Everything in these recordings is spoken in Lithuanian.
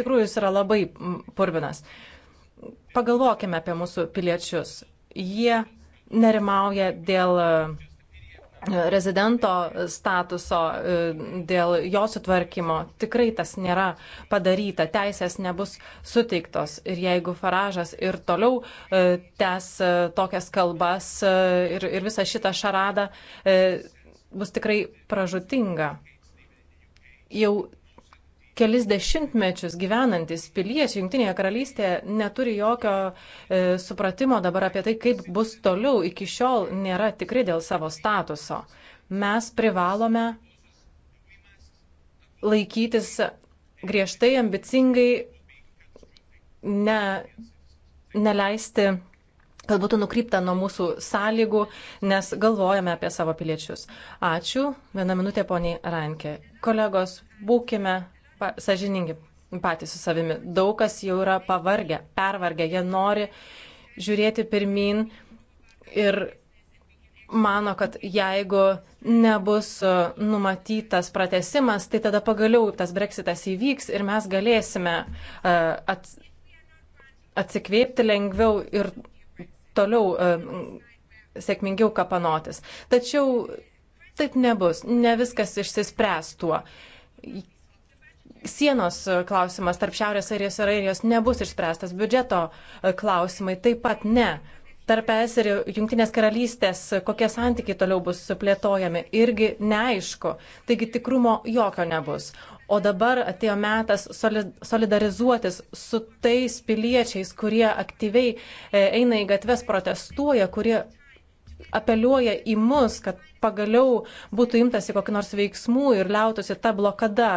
tikrųjų jis yra labai purvinas. Pagalvokime apie mūsų piliečius. Jie nerimauja dėl e, rezidento statuso, e, dėl jo sutvarkymo. Tikrai tas nėra padaryta, teisės nebus suteiktos. Ir jeigu Faražas ir toliau e, tęs tokias kalbas ir, ir visą šitą šaradą, bus tikrai pražutinga. Jau kelis dešimtmečius gyvenantis piliečiai Junktinėje karalystėje neturi jokio e, supratimo dabar apie tai, kaip bus toliau, iki šiol nėra tikri dėl savo statuso. Mes privalome laikytis griežtai, ambicingai, ne, neleisti kad būtų nukrypta nuo mūsų sąlygų, nes galvojame apie savo piliečius. Ačiū. Vieną minutę, poniai Rankė. Kolegos, būkime pa, sažiningi patys su savimi. Daug kas jau yra pavargę, pervargę, jie nori žiūrėti pirmin ir mano, kad jeigu nebus e, numatytas pratesimas, tai tada pagaliau tas breksitas įvyks ir mes galėsime e, atsikvėpti lengviau ir toliau e, sėkmingiau kapanotis. Tačiau taip nebus, ne viskas išsispręs tuo Sienos e, klausimas tarp Šiaurės Airijos ir Airijos nebus išspręstas, biudžeto e, klausimai taip pat ne. Tarp ES ir Junktinės karalystės e, kokie santykiai toliau bus plėtojami irgi neaišku. Taigi tikrumo jokio nebus. O dabar atėjo metas solidarizuotis su tais piliečiais, kurie aktyviai eina į gatves, protestuoja, kurie apeliuoja į mus, kad pagaliau būtų imtasi kokį nors veiksmų ir liautųsi ta blokada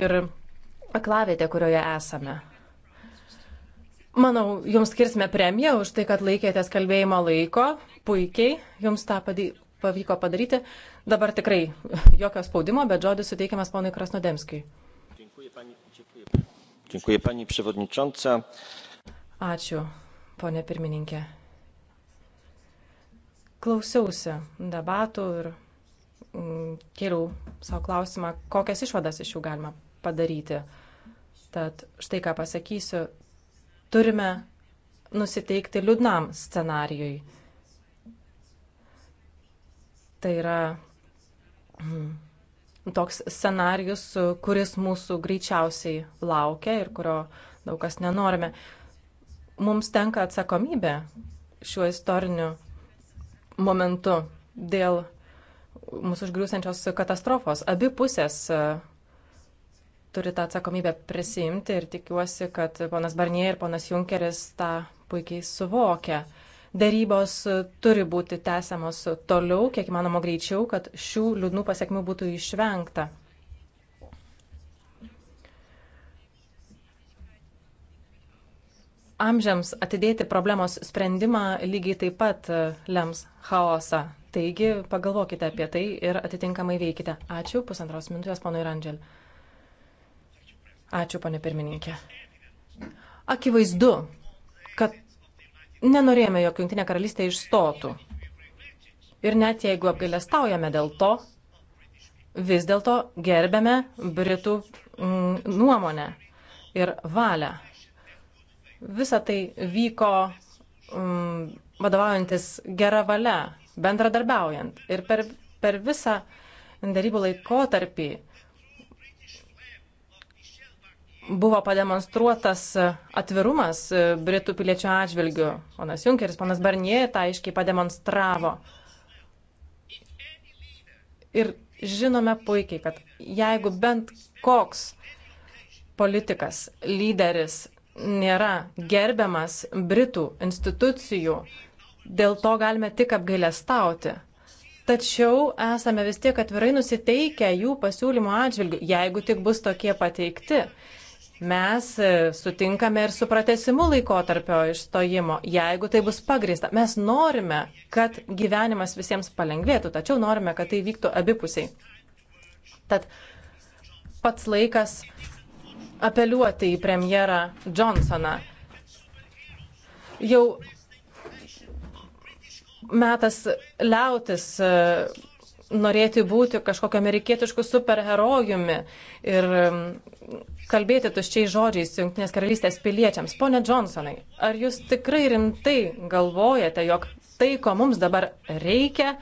ir aklavietė, kurioje esame. Manau, jums skirsime premiją už tai, kad laikėtės kalbėjimo laiko. Puikiai, jums tą padė... pavyko padaryti. Dabar tikrai jokio spaudimo, bet žodis suteikiamas ponui Krasnodemskijui. Dziękuję pani przewodnicząca. Ačiū, ponė pirmininkė. Klausiausi debatų ir mm, kėliau savo klausimą, kokias išvadas iš jų galima padaryti. Tad štai ką pasakysiu, turime nusiteikti liūdnam scenarijui. Tai yra mm, toks scenarius, kuris mūsų greičiausiai laukia ir kurio daug kas nenorime. Mums tenka atsakomybė šiuo istoriniu momentu dėl mūsų užgriūsiančios katastrofos. Abi pusės e, turi tą atsakomybę prisimti ir tikiuosi, kad ponas Barnier ir ponas Junkeris tą puikiai suvokia. Darybos e, turi būti tęsiamos toliau, kiek įmanoma greičiau, kad šių liūdnų pasiekmių būtų išvengta. amžiams atidėti problemos sprendimą lygiai taip pat e, lems chaosą. Taigi pagalvokite apie tai ir atitinkamai veikite. Ačiū, pusantros minutės, ponui Randžel. Ačiū, ponė pirmininkė. Akivaizdu, kad nenorėjome, jog Junktinė karalystė išstotų. Ir net jeigu apgailestaujame dėl to, vis dėlto gerbėme Britų mm, nuomonę ir valią. Visa tai vyko um, vadovaujantis gera valia, bendradarbiaujant. Ir per, per visą darybų laikotarpį buvo pademonstruotas atvirumas Britų piliečių atžvilgių. Ponas Junkeris, ponas Barnie tą aiškiai pademonstravo. Ir žinome puikiai, kad jeigu bent koks politikas, lyderis nėra gerbiamas Britų institucijų, dėl to galime tik apgailestauti. Tačiau esame vis tiek atvirai nusiteikę jų pasiūlymų atžvilgių, jeigu tik bus tokie pateikti. Mes e, sutinkame ir su pratesimu laikotarpio išstojimo, jeigu tai bus pagrįsta. Mes norime, kad gyvenimas visiems palengvėtų, tačiau norime, kad tai vyktų abipusiai. Tad pats laikas apeliuoti į premjerą Johnsoną. Jau metas liautis e, norėti būti kažkokiu amerikietišku superherojumi ir e, kalbėti tuščiai žodžiais Junktinės karalystės piliečiams. Pone Johnsonai, ar jūs tikrai rimtai galvojate, jog tai, ko mums dabar reikia,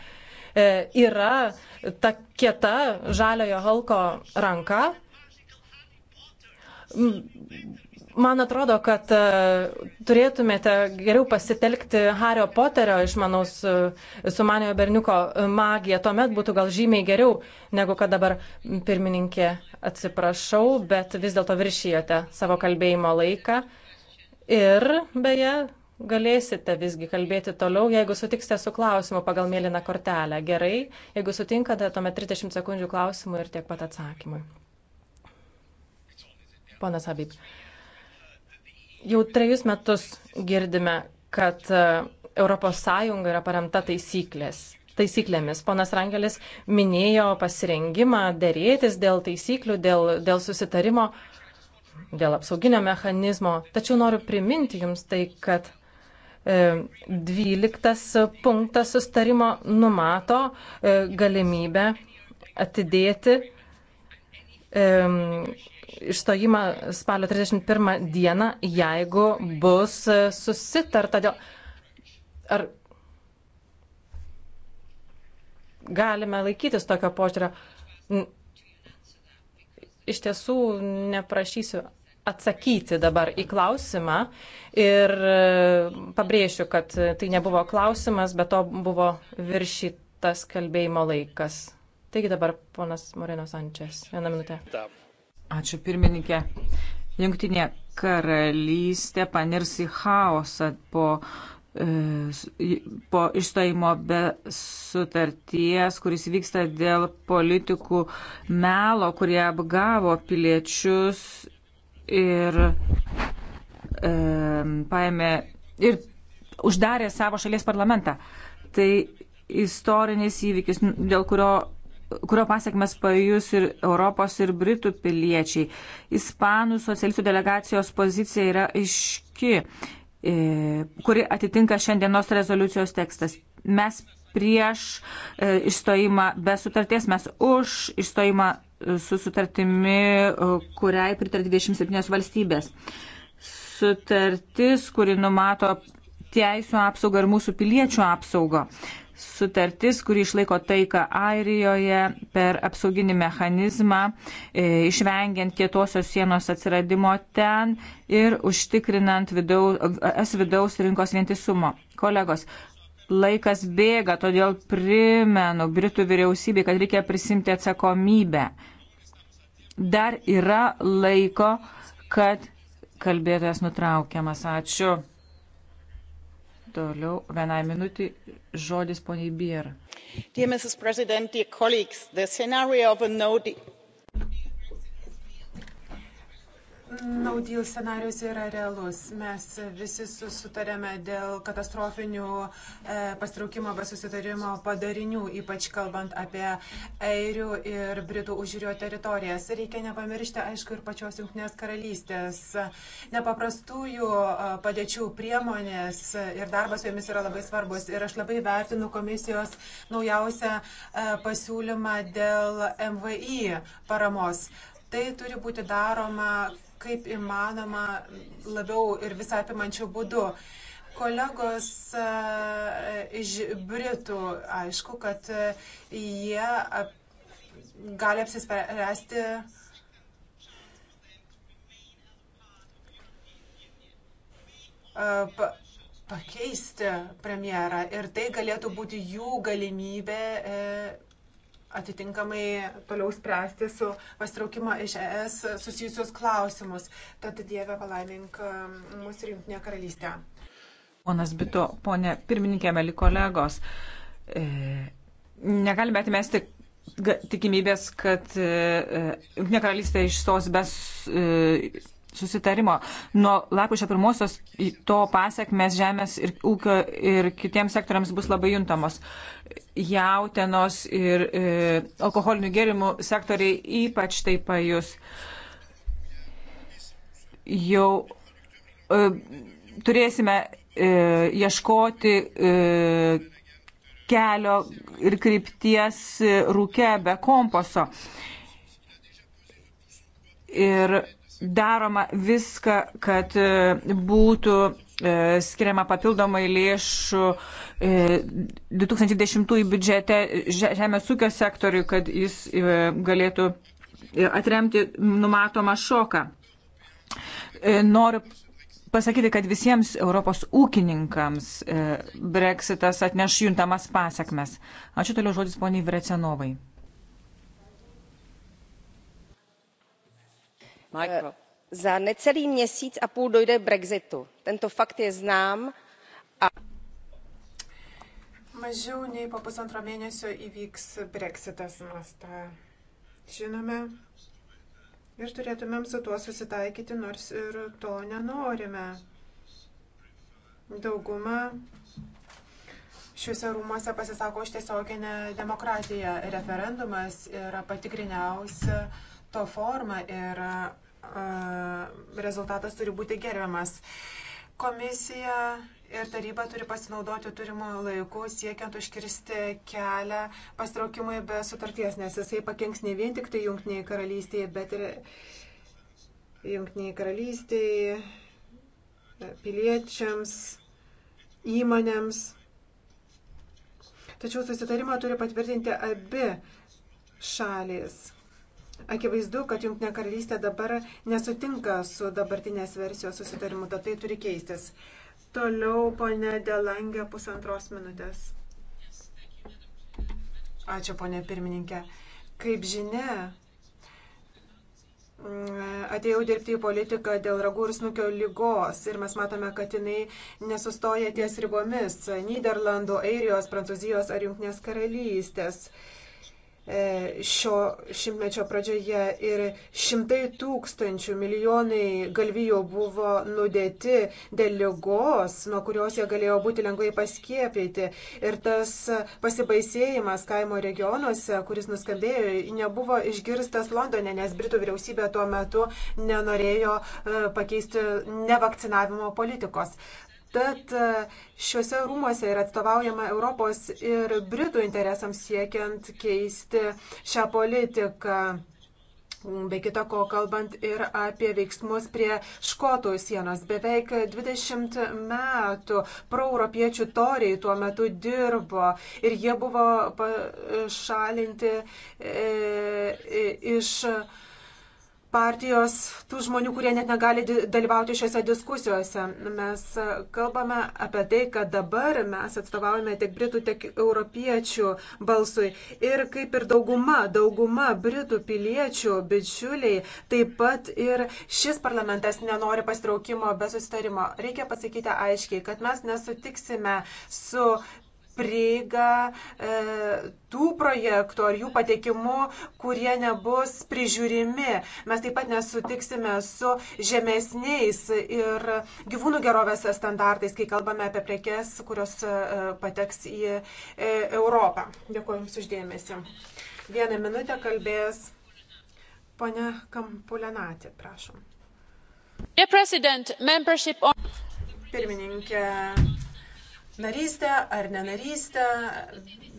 e, yra ta kieta žaliojo halko ranka, Mm, man atrodo, kad e, turėtumėte geriau pasitelkti Hario Poterio išmanaus e, sumaniojo berniuko magiją. Tuomet būtų gal žymiai geriau, negu kad dabar pirmininkė atsiprašau, bet vis dėlto viršijote savo kalbėjimo laiką. Ir beje, galėsite visgi kalbėti toliau, jeigu sutiksite su klausimu pagal mėlyną kortelę. Gerai, jeigu sutinkate, tuomet 30 sekundžių klausimui ir tiek pat atsakymui. Ponas Habib, jau trejus metus girdime, kad ES yra paremta taisyklės. Taisyklėmis. Ponas Rangelis minėjo pasirengimą dėrėtis dėl taisyklių, dėl, dėl susitarimo, dėl apsauginio mechanizmo. Tačiau noriu priminti jums tai, kad 12 e, punktas sustarimo numato e, galimybę atidėti išstojimą spalio 31 dieną, jeigu bus e, susitarta dėl. Ar galime laikytis tokio požiūrio? Iš tiesų neprašysiu atsakyti dabar į klausimą ir e, pabrėšiu, kad tai nebuvo klausimas, bet to buvo viršytas kalbėjimo laikas. Taigi dabar ponas Moreno Sančias, vieną minutę. Taip. Ačiū pirmininkė. Jungtinė karalystė panirs į chaosą po, e, po išstojimo be sutarties, kuris vyksta dėl politikų melo, kurie apgavo piliečius ir e, paėmė ir uždarė savo šalies parlamentą. Tai istorinis įvykis, dėl kurio kurio pasiekmes pajus ir Europos ir Britų piliečiai. Ispanų socialistų delegacijos pozicija yra iški, e, kuri atitinka šiandienos rezoliucijos tekstas. Mes prieš e, išstojimą be sutarties, mes už išstojimą e, su sutartimi, kuriai pritarė 27 valstybės. Sutartis, kuri numato teisų apsaugą ir mūsų piliečių apsaugą sutartis, kuri išlaiko taiką Airijoje per apsauginį mechanizmą, e, išvengiant kietosios sienos atsiradimo ten ir užtikrinant vidaus, es vidaus rinkos vientisumo. Kolegos, laikas bėga, todėl primenu Britų vyriausybei, kad reikia prisimti atsakomybę. Dar yra laiko, kad kalbėtojas nutraukiamas. Ačiū. Toliau vienai minutį žodis poniai Bier. Dear Mrs. President, dear colleagues, the scenario of a no Naudil scenarius yra realus. Mes visi sutarėme dėl katastrofinių e, pastraukimo be susitarimo padarinių, ypač kalbant apie airių ir britų užžiūrio teritorijas. Reikia nepamiršti, aišku, ir pačios Junktinės karalystės. Nepaprastųjų e, padėčių priemonės ir darbas su jomis yra labai svarbus. Ir aš labai vertinu komisijos naujausią e, pasiūlymą dėl MVI paramos tai turi būti daroma kaip įmanoma labiau ir visą apimančių būdų. Kolegos e, iš Britų, aišku, kad e, jie ap, gali apsispręsti e, pa, pakeisti premjerą ir tai galėtų būti jų galimybė atitinkamai toliau spręsti su pastraukimo iš ES susijusius klausimus. Tad Dieve palaimink mūsų um, rinktinė karalystė. Ponas Bito, ponė pirmininkė, meli kolegos, e, negalime atmesti tikimybės, kad e, e, Junktinė karalystė išstos be e, susitarimo. Nuo lapkričio pirmosios to pasiekmes žemės ir ūkio ir kitiems sektoriams bus labai juntamos. Jautenos ir e, alkoholinių gėrimų sektoriai ypač tai pajus. Jau e, turėsime e, ieškoti. E, kelio ir krypties rūke be komposo. Ir daroma viską, kad e, būtų e, skiriama papildomai lėšų 2010 e, biudžete žemės ūkio sektoriui, kad jis galėtų atremti numatomą šoką. Noriu pasakyti, kad visiems Europos ūkininkams Brexitas atneš juntamas pasiekmes. Ačiū toliau žodis poniai Vrecenovai. Eh, za necelý měsíc a půl dojde k brexitu. tento fakt je znám a. Mažiau nei po pusantro mėnesio įvyks breksitas, mes tą žinome ir turėtumėm su tuo susitaikyti, nors ir to nenorime. Dauguma šiuose rūmuose pasisako už tiesioginę demokratiją. Referendumas yra patikriniausia to forma ir rezultatas turi būti gerbiamas. Komisija ir taryba turi pasinaudoti turimu laiku, siekiant užkirsti kelią pastraukimui be sutarties, nes jisai pakenks ne vien tik tai Junktiniai karalystėje, bet ir Junktiniai karalystėje, piliečiams, įmonėms. Tačiau susitarimą turi patvirtinti abi šalis. Akivaizdu, kad Junktinė karalystė dabar nesutinka su dabartinės versijos susitarimu, tad tai turi keistis. Toliau, ponė Delangė, pusantros minutės. Ačiū, ponė pirmininkė. Kaip žinia, atėjau dirbti į politiką dėl ragų ir snukio lygos ir mes matome, kad jinai nesustoja ties ribomis Niderlandų, Airijos, Prancūzijos ar Junktinės karalystės. Uh, E, šio šimtmečio pradžioje ir šimtai tūkstančių milijonai galvijų buvo nudėti dėl lygos, nuo kurios jie galėjo būti lengvai paskiepyti. Ir tas pasibaisėjimas kaimo regionuose, kuris nuskambėjo, nebuvo išgirstas Londone, nes Britų vyriausybė tuo metu nenorėjo e, pakeisti nevakcinavimo politikos. Tad e, šiuose rūmuose yra atstovaujama Europos ir Britų interesams siekiant keisti šią politiką. Be kita ko, kalbant ir apie veiksmus prie Škotų sienos. Beveik 20 metų proeuropiečių toriai tuo metu dirbo ir jie buvo pašalinti e, iš. E, partijos tų žmonių, kurie net negali dalyvauti šiuose diskusijuose. Mes kalbame apie tai, kad dabar mes atstovaujame tiek Britų, tiek Europiečių balsui. Ir kaip ir dauguma, dauguma Britų piliečių, bičiuliai, taip pat ir šis parlamentas nenori pastraukimo be susitarimo. Reikia pasakyti aiškiai, kad mes nesutiksime su prieigą e, tų projektų ar jų patekimu, kurie nebus prižiūrimi. Mes taip pat nesutiksime su žemesniais ir gyvūnų gerovės standartais, kai kalbame apie prekes, kurios e, pateks į e, Europą. Dėkuoju Jums uždėmesi. Vieną minutę kalbės ponia Kampulenatė, prašom. Pirmininkė, narystę ar nenarystę,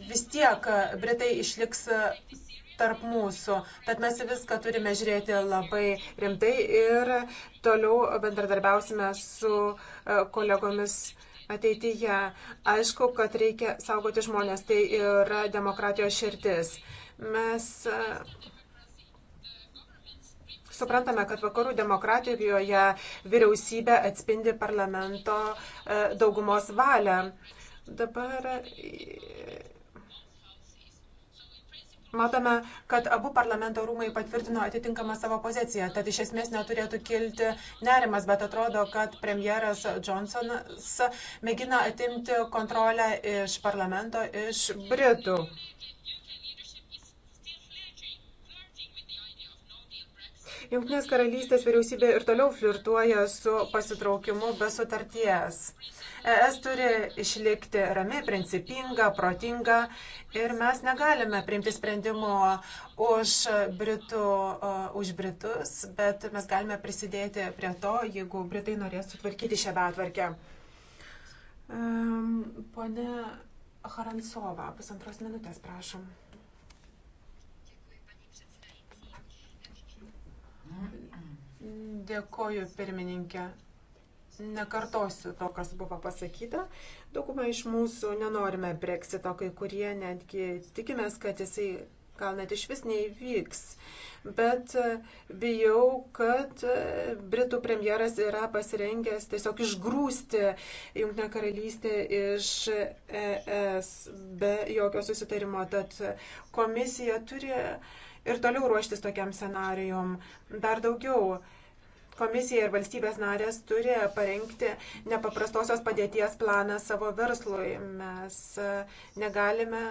vis tiek Britai išliks tarp mūsų. Tad mes viską turime žiūrėti labai rimtai ir toliau bendradarbiausime su e, kolegomis ateityje. Aišku, kad reikia saugoti žmonės, tai yra demokratijos širdis. Mes e, Suprantame, kad vakarų demokratijoje vyriausybė atspindi parlamento e, daugumos valią. Dabar e, matome, kad abu parlamento rūmai patvirtino atitinkamą savo poziciją, tad iš esmės neturėtų kilti nerimas, bet atrodo, kad premjeras Johnsonas mėgina atimti kontrolę iš parlamento, iš Britų. Junktinės karalystės vyriausybė ir toliau flirtuoja su pasitraukimu be sutarties. ES turi išlikti rami, principinga, protinga ir mes negalime priimti sprendimo už, Britų, už Britus, bet mes galime prisidėti prie to, jeigu Britai norės sutvarkyti šią betvarkę. Um, pone Harantsova, pusantros minutės, prašom. Dėkoju, pirmininkė. Nekartosiu to, kas buvo pasakyta. Dauguma iš mūsų nenorime breksito, kai kurie netgi tikimės, kad jisai gal net iš vis neįvyks. Bet e, bijau, kad e, Britų premjeras yra pasirengęs tiesiog išgrūsti Junktinę karalystę iš ES be jokio susitarimo. Tad komisija turi ir toliau ruoštis tokiam scenarijom. Dar daugiau. Komisija ir valstybės narės turi parengti nepaprastosios padėties planą savo verslui. Mes e, negalime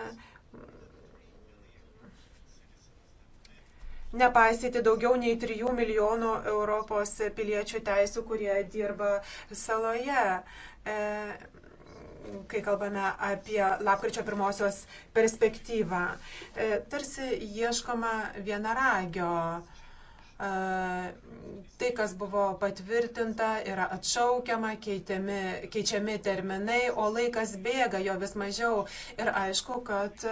nepaisyti daugiau nei 3 milijonų Europos piliečių teisų, kurie dirba saloje. E, kai kalbame apie lapkričio pirmosios perspektyvą. E, tarsi ieškoma vienaragio. E, tai, kas buvo patvirtinta, yra atšaukiama, keitėmi, keičiami terminai, o laikas bėga jo vis mažiau. Ir aišku, kad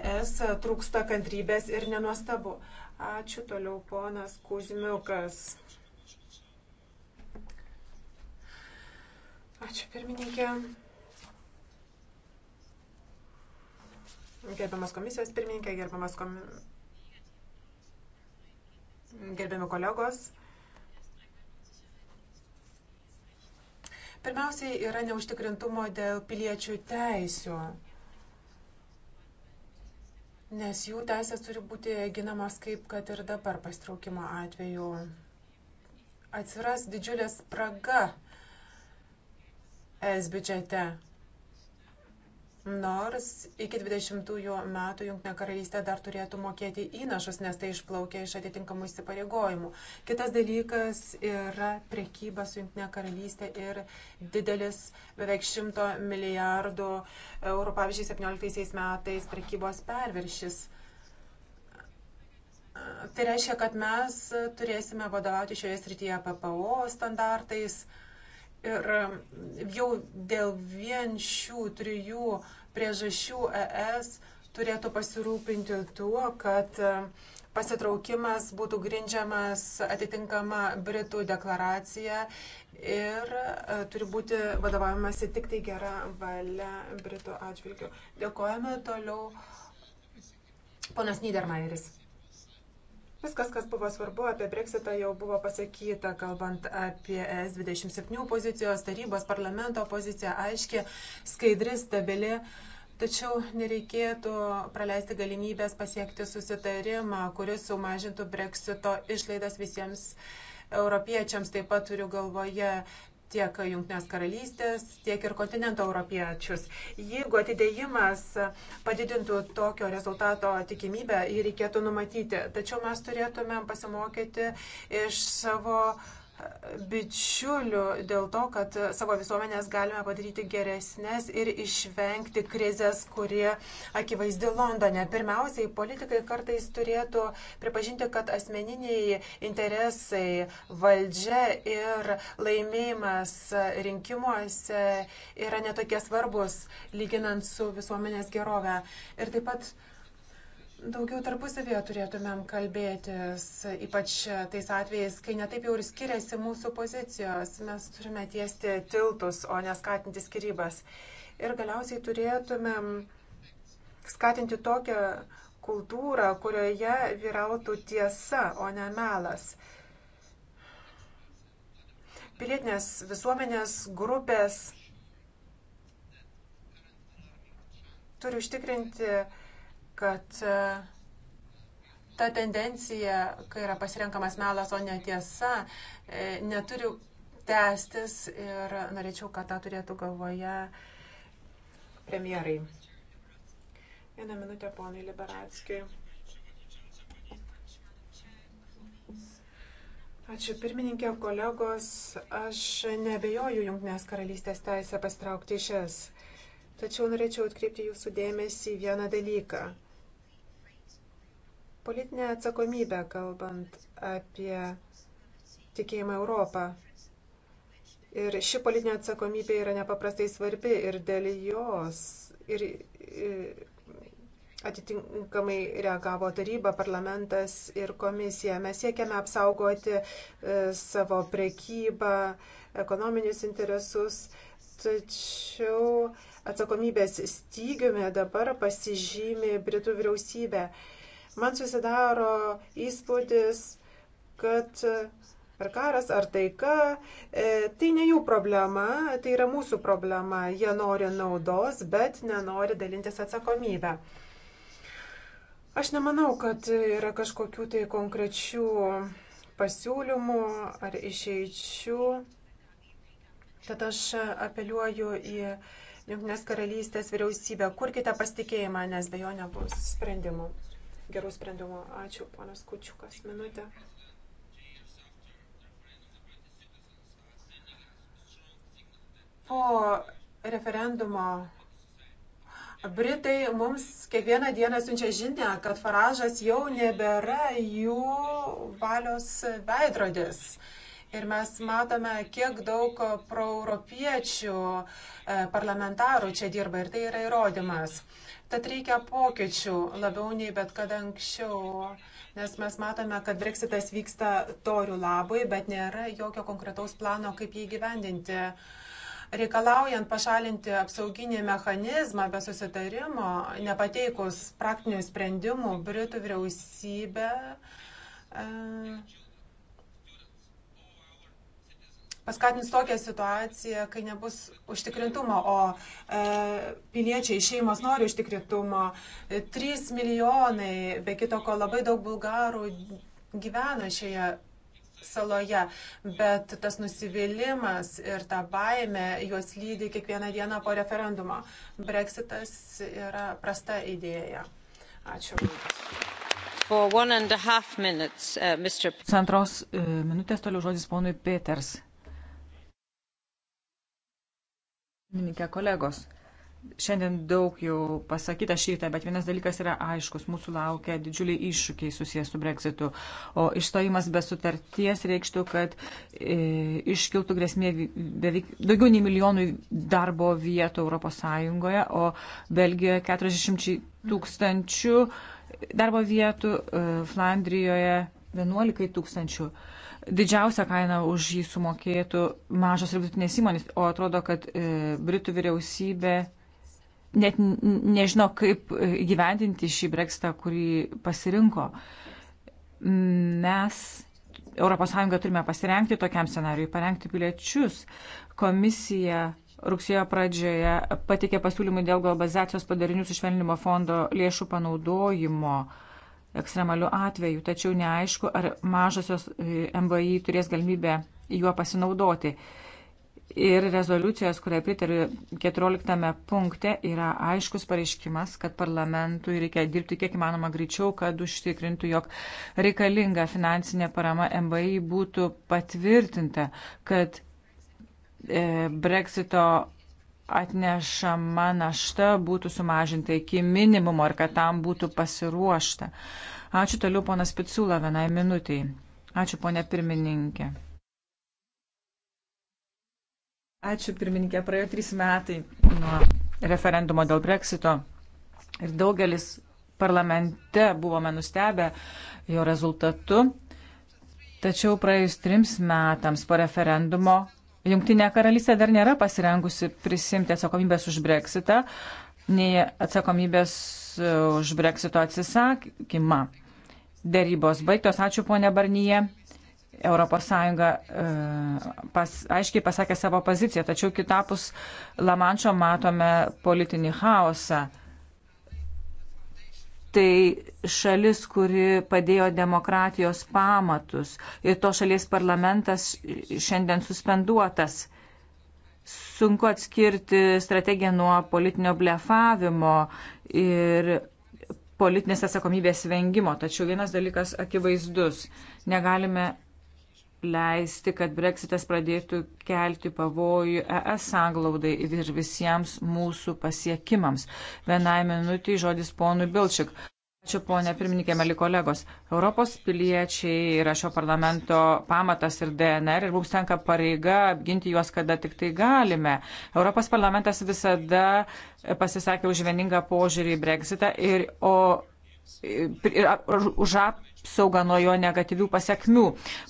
ES trūksta kantrybės ir nenuostabu. Ačiū toliau, ponas Kuzmiukas. Ačiū pirmininkė. Gerbiamas komisijos pirmininkė, gerbiamas komi... gerbiami kolegos. Pirmiausiai yra neužtikrintumo dėl piliečių teisių, nes jų teisės turi būti ginamos kaip kad ir dabar pastraukimo atveju. Atsiras didžiulė spraga es biudžete. Nors iki 20 metų Junktinė karalystė dar turėtų mokėti įnašus, nes tai išplaukia iš atitinkamų įsipareigojimų. Kitas dalykas yra prekyba su Junktinė karalystė ir didelis beveik 100 milijardų eurų, pavyzdžiui, 17 metais prekybos perviršis. Tai reiškia, kad mes turėsime vadovauti šioje srityje PPO standartais. Ir jau dėl vien šių trijų priežasčių ES turėtų pasirūpinti tuo, kad pasitraukimas būtų grindžiamas atitinkama Britų deklaracija ir e, turi būti vadovavimasi tik tai gera valia Britų atžvilgių. Dėkojame toliau. Ponas Niedermayeris. Viskas, kas buvo svarbu apie Brexitą, jau buvo pasakyta, kalbant apie e S27 pozicijos, tarybos, parlamento poziciją, aiški, skaidri, stabili. Tačiau nereikėtų praleisti galimybės pasiekti susitarimą, kuris sumažintų Brexito išlaidas visiems europiečiams. Taip pat turiu galvoje tiek Junktinės karalystės, tiek ir kontinento europiečius. Jeigu atidėjimas padidintų tokio rezultato tikimybę, jį reikėtų numatyti. Tačiau mes turėtume pasimokyti iš savo uh, bičiulių dėl to, kad savo visuomenės galime padaryti geresnės ir išvengti krizės, kurie akivaizdi Londone. Pirmiausiai, politikai kartais turėtų pripažinti, kad asmeniniai interesai, valdžia ir laimėjimas rinkimuose yra netokie svarbus, lyginant su visuomenės gerove. Ir taip pat Daugiau tarpusavėje turėtumėm kalbėtis, ypač tais atvejais, kai netaip jau ir skiriasi mūsų pozicijos. Mes turime tiesti tiltus, o neskatinti skirybas. Ir galiausiai turėtumėm skatinti tokią kultūrą, kurioje vyrautų tiesa, o ne melas. Pilietinės visuomenės grupės turi užtikrinti kad e, ta tendencija, kai yra pasirenkamas melas, o ne tiesa, e, neturi tęstis ir norėčiau, kad tą turėtų galvoje premjerai. Vieną minutę ponai Liberatskiai. Ačiū pirmininkė, kolegos. Aš nebejoju Junktinės karalystės teisę pastraukti iš es. Tačiau norėčiau atkreipti jūsų dėmesį į vieną dalyką politinę atsakomybę, kalbant apie tikėjimą Europą. Ir ši politinė atsakomybė yra nepaprastai svarbi ir dėl jos. Ir, ir, atitinkamai reagavo taryba, parlamentas ir komisija. Mes siekiame apsaugoti e, savo prekybą, ekonominius interesus, tačiau atsakomybės stygiumi dabar pasižymi Britų vyriausybė. Man susidaro įspūdis, kad e, ar karas, ar taika, e, tai ne jų problema, tai yra mūsų problema. Jie nori naudos, bet nenori dalintis atsakomybę. Aš nemanau, kad yra kažkokių tai konkrečių pasiūlymų ar išeičių. Tad aš apeliuoju į Junknės karalystės vyriausybę. Kurkite pasitikėjimą, nes be jo nebus sprendimų gerų sprendimų. Ačiū, ponas Kučiukas, minutė. Po referendumo Britai mums kiekvieną dieną siunčia žinę, kad Faražas jau nebėra jų valios veidrodis. Ir mes matome, kiek daug proeuropiečių e, parlamentarų čia dirba ir tai yra įrodymas. Tad reikia pokyčių labiau nei bet kada anksčiau, nes mes matome, kad Brexitas vyksta torių labui, bet nėra jokio konkretaus plano, kaip jį gyvendinti. Reikalaujant pašalinti apsauginį mechanizmą be susitarimo, nepateikus praktinių sprendimų, Britų vyriausybė. E, paskatins tokią situaciją, kai nebus užtikrintumo, o e, piliečiai šeimos nori užtikrintumo. 3 e, milijonai, be kito ko labai daug bulgarų gyvena šioje saloje, bet tas nusivylimas ir ta baime juos lydi kiekvieną dieną po referendumo. Brexitas yra prasta idėja. Ačiū. Uh, Pusantros uh, minutės toliau žodis ponui Peters. Mininkė kolegos, šiandien daug jau pasakyta šitą, bet vienas dalykas yra aiškus, mūsų laukia didžiuliai iššūkiai susijęs su breksitu, o išstojimas be sutarties reikštų, kad e, iškiltų grėsmė beveik daugiau nei milijonui darbo vietų ES, o Belgijoje 40 tūkstančių darbo vietų, e, Flandrijoje 11 tūkstančių. E, didžiausią kainą už jį sumokėtų mažos ir vidutinės įmonės, o atrodo, kad e, Britų vyriausybė net nežino, kaip e, gyvendinti šį brekstą, kurį pasirinko. Mes, ES, turime pasirengti tokiam scenariui, parengti piliečius. Komisija rugsėjo pradžioje patikė pasiūlymai dėl globalizacijos padarinių sušvelnimo fondo lėšų panaudojimo. E, ekstremalių atvejų, tačiau neaišku, ar mažosios e, MVI turės galimybę juo pasinaudoti. Ir rezoliucijos, kuriai pritariu 14 punkte, yra aiškus pareiškimas, kad parlamentui reikia dirbti kiek įmanoma greičiau, kad užtikrintų, jog reikalinga finansinė parama MVI būtų patvirtinta, kad e, Brexito atnešama našta būtų sumažinta iki minimumo ir kad tam būtų pasiruošta. Ačiū toliau ponas Picula vienai minutiai. Ačiū ponė pirmininkė. Ačiū pirmininkė, praėjo trys metai nuo referendumo dėl Brexito ir daugelis parlamente buvome nustebę jo rezultatu. Tačiau praėjus trims metams po referendumo Jungtinė karalystė dar nėra pasirengusi prisimti atsakomybės už breksitą, nei atsakomybės už breksito atsisakymą. Dėrybos baigtos, ačiū ponė Barnyje. ES e, pas, aiškiai pasakė savo poziciją, tačiau kitapus Lamančio matome politinį chaosą tai šalis, kuri padėjo demokratijos pamatus ir to šalies parlamentas šiandien suspenduotas. Sunku atskirti strategiją nuo politinio blefavimo ir politinės atsakomybės vengimo, tačiau vienas dalykas akivaizdus. Negalime leisti, kad breksitas pradėtų kelti pavojų ES sanglaudai ir visiems mūsų pasiekimams. Vienai minutį žodis ponui Bilčik. Ačiū ponė pirmininkė, meli kolegos. Europos piliečiai yra šio parlamento pamatas ir DNR ir mums tenka pareiga apginti juos, kada tik tai galime. Europos parlamentas visada pasisakė už vieningą požiūrį į Brexitą ir o už apsaugą nuo jo negatyvių pasiekmių.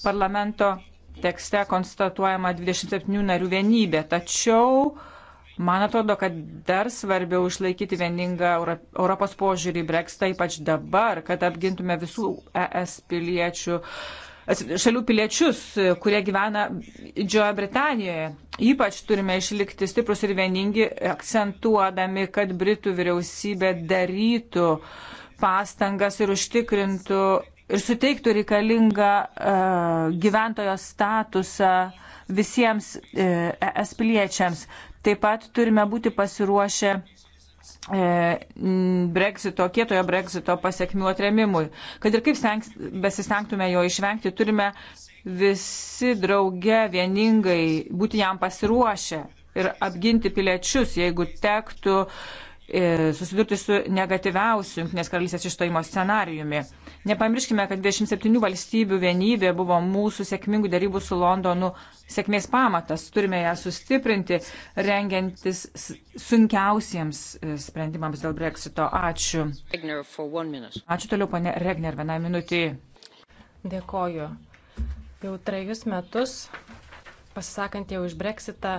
Parlamento tekste konstatuojama 27 narių vienybė, tačiau man atrodo, kad dar svarbiau išlaikyti vieningą Europos požiūrį į Brexitą, ypač dabar, kad apgintume visų ES piliečių. Šalių piliečius, kurie gyvena Džiojo Britanijoje. Ypač turime išlikti stiprus ir vieningi, akcentuodami, kad Britų vyriausybė darytų uh, pastangas ir užtikrintų ir suteiktų reikalingą uh, gyventojo statusą visiems uh, ES piliečiams. Taip pat turime būti pasiruošę e, breksito, kietojo breksito pasiekmių atremimui. Kad ir kaip stengs, besistengtume jo išvengti, turime visi drauge vieningai būti jam pasiruošę ir apginti piliečius, jeigu tektų uh, E, susidurti su negatyviausiu Junktinės karalystės išstojimo scenarijumi. Nepamirškime, kad 27 valstybių vienybė buvo mūsų sėkmingų darybų su Londonu sėkmės pamatas. Turime ją sustiprinti, rengiantis sunkiausiems e, sprendimams dėl breksito. Ačiū. Ačiū toliau, ponė Regner, vieną minutį. Dėkoju. Jau trejus metus, pasisakant jau už breksitą,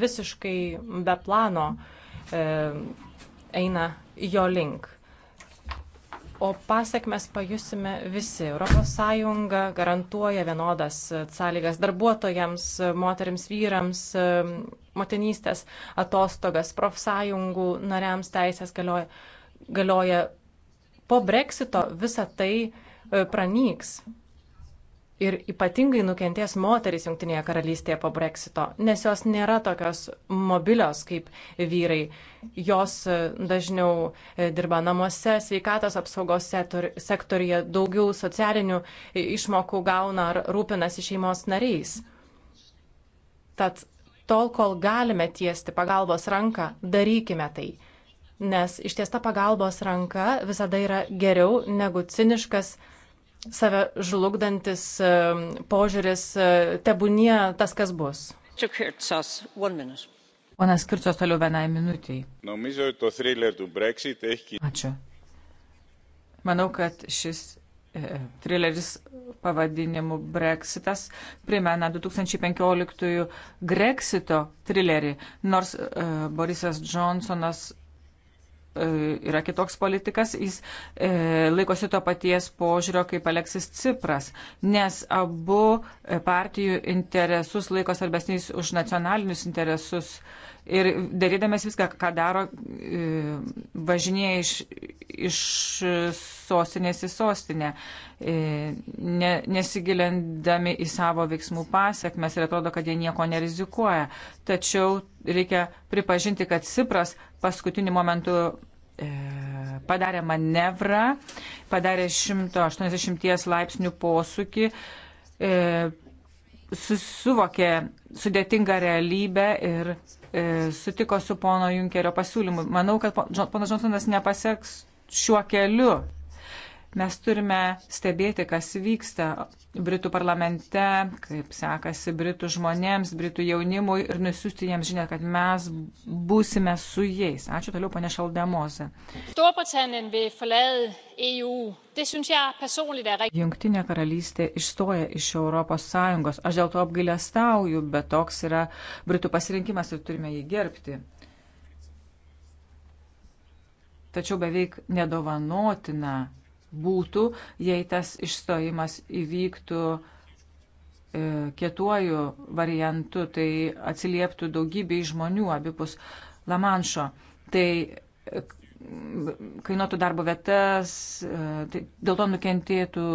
visiškai be plano. Uh, E, eina jo link. O pasiekmes pajusime visi. ES garantuoja vienodas sąlygas darbuotojams, moteriams, vyrams, e, motinystės atostogas, profsąjungų nariams teisės galioja. galioja. Po breksito visa tai e, pranyks ir ypatingai nukentės moterys Junktinėje karalystėje po breksito, nes jos nėra tokios mobilios kaip vyrai. Jos e, dažniau e, dirba namuose, sveikatos apsaugos sektorija, daugiau socialinių e, išmokų gauna ar rūpinasi šeimos nariais. Tad tol, kol galime tiesti pagalbos ranką, darykime tai. Nes ištiesta pagalbos ranka visada yra geriau negu ciniškas save žlugdantis e, požiūris, e, tebūnie tas, kas bus. Ponas Kirčios toliau vienai minutiai. Eh, Ačiū. Manau, kad šis e, trileris pavadinimu Brexitas primena 2015 Grexito trilerį, nors uh, Borisas Johnsonas E, yra kitoks politikas, jis e, laikosi to paties požiūrio kaip Aleksis Cipras, nes abu e, partijų interesus laiko svarbesniais už nacionalinius interesus. E, ir darydamas viską, ką daro, e, važinėja iš, iš sostinės į sostinę, e, ne, nesigilindami į savo veiksmų pasiekmes ir atrodo, kad jie nieko nerizikuoja. Tačiau reikia pripažinti, kad Cipras paskutiniu momentu e, padarė manevrą, padarė 180 laipsnių posūkį, susivokė sudėtingą realybę ir e, sutiko su pono Junkerio pasiūlymu. Manau, kad ponas Johnsonas nepaseks šiuo keliu Mes turime stebėti, kas vyksta Britų parlamente, kaip sekasi Britų žmonėms, Britų jaunimui ir nusiųsti jiems žinę, kad mes būsime su jais. Ačiū toliau, ponė Šaldemoze. E er Jungtinė karalystė išstoja iš ES. Aš dėl to apgailestauju, bet toks yra Britų pasirinkimas ir turime jį gerbti tačiau beveik nedovanotina būtų, jei tas išstojimas įvyktų e, kietuoju variantu, tai atsilieptų daugybei žmonių abipus Lamanšo. Tai e, kainuotų darbo vietas, e, tai dėl to nukentėtų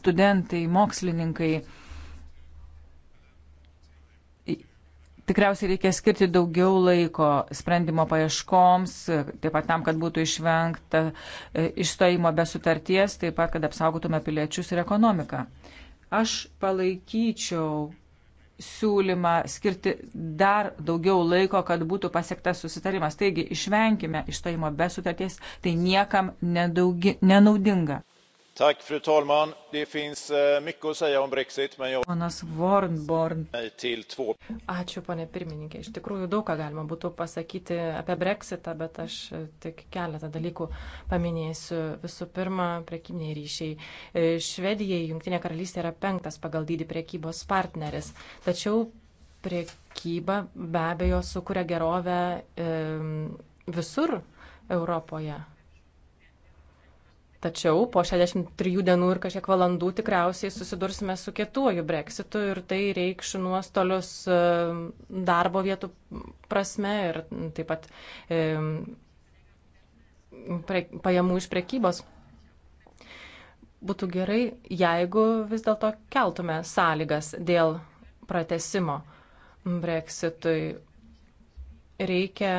studentai, mokslininkai. Tikriausiai reikia skirti daugiau laiko sprendimo paieškoms, taip pat tam, kad būtų išvengta e, išstojimo be sutarties, taip pat, kad apsaugotume piliečius ir ekonomiką. Aš palaikyčiau siūlymą skirti dar daugiau laiko, kad būtų pasiektas susitarimas. Taigi išvenkime išstojimo be sutarties, tai niekam nedaugi, nenaudinga. Fru talman! Det finns eh, mycket att säga om Brexit, men jag... Ponas Warnborn. Ačiū, ponė pirmininkė. Iš tikrųjų, daug ką galima būtų pasakyti apie Brexitą, bet aš eh, tik keletą dalykų paminėsiu. Visų pirma, prekybiniai ryšiai. E, Švedijai Junktinė karalystė yra penktas pagal dydį prekybos partneris. Tačiau prekyba be abejo sukuria gerovę e, visur Europoje. Tačiau po 63 dienų ir kažkiek valandų tikriausiai susidursime su kietuoju breksitu ir tai reikš nuostolius e, darbo vietų prasme ir taip pat e, pre, pajamų iš prekybos. Būtų gerai, jeigu vis dėlto keltume sąlygas dėl pratesimo breksitui. Reikia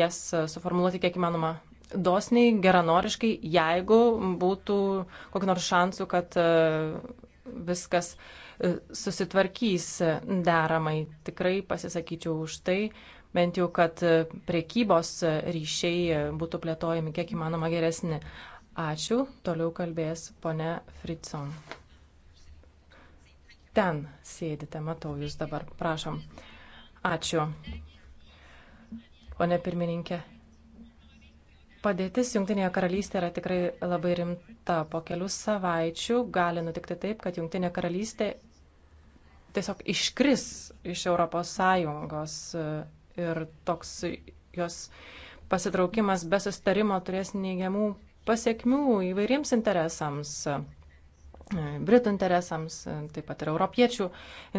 jas suformuoluoti kiek įmanoma dosniai, geranoriškai, jeigu būtų kokį nors šansų, kad e, viskas e, susitvarkys deramai. Tikrai pasisakyčiau už tai, bent jau, kad e, priekybos ryšiai būtų plėtojami kiek įmanoma geresni. Ačiū. Toliau kalbės ponia Fritson. Ten sėdite, matau jūs dabar. Prašom. Ačiū. Pone pirmininkė, Padėtis Junktinėje karalystėje yra tikrai labai rimta. Po kelių savaičių gali nutikti taip, kad Junktinė karalystė tiesiog iškris iš Europos Sąjungos e, ir toks jos pasitraukimas be sustarimo turės neigiamų pasiekmių įvairiems interesams. E, Britų interesams, e, taip pat ir europiečių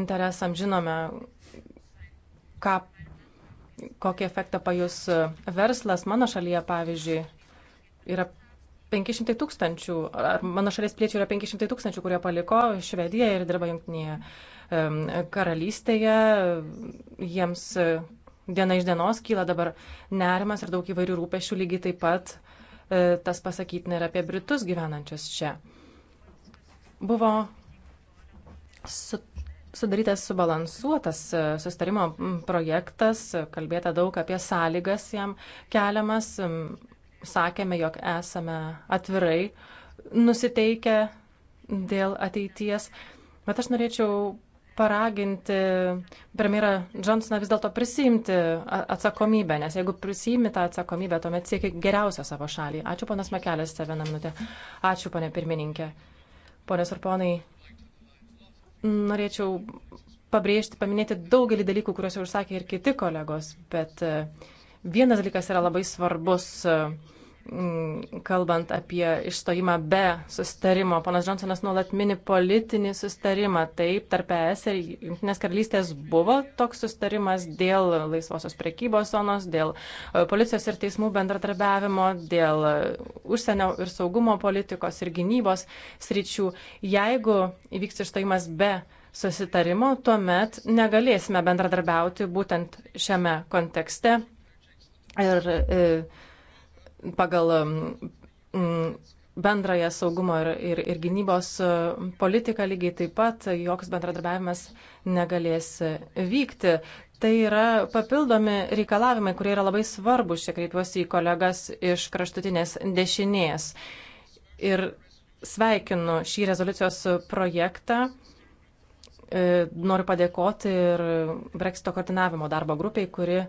interesams žinome, ką kokį efektą pajus verslas. Mano šalyje, pavyzdžiui, yra 500 tūkstančių, ar mano šalies piliečių yra 500 tūkstančių, kurie paliko Švediją ir dirba Junktinėje karalystėje. Jiems e, diena iš dienos kyla dabar nerimas ir daug įvairių rūpešių, lygiai taip pat e, tas pasakytina ir apie Britus gyvenančius čia. Buvo su sudarytas subalansuotas e, sustarimo projektas, kalbėta daug apie sąlygas jam keliamas, sakėme, jog esame atvirai nusiteikę dėl ateities, bet aš norėčiau paraginti premjerą Johnsoną vis dėlto prisimti atsakomybę, nes jeigu prisimi tą atsakomybę, tuomet sieki geriausią savo šalį. Ačiū, ponas Makelės, te vieną minutę. Ačiū, ponė pirmininkė. Ponės ir ponai, norėčiau pabrėžti, paminėti daugelį dalykų, kuriuos jau užsakė ir kiti kolegos, bet e, vienas dalykas yra labai svarbus e, Mm, kalbant apie išstojimą be sustarimo. Panas Johnsonas nuolat mini politinį sustarimą. Taip, tarp ES ir Junktinės karalystės buvo toks sustarimas dėl laisvosios prekybos zonos, dėl e, policijos ir teismų bendradarbiavimo, dėl e, užsienio ir saugumo politikos ir gynybos sričių. Jeigu įvyks išstojimas be susitarimo, tuomet negalėsime bendradarbiauti būtent šiame kontekste. Ir, ir e, pagal mm, mm, bendrąją saugumo ir, ir, ir gynybos e, politiką lygiai taip pat joks bendradarbiavimas negalės e, vykti. Tai yra papildomi reikalavimai, kurie yra labai svarbus. Čia kreipiuosi į kolegas iš kraštutinės dešinės. Ir sveikinu šį rezoliucijos projektą. E, noriu padėkoti ir Brexito koordinavimo darbo grupiai, kuri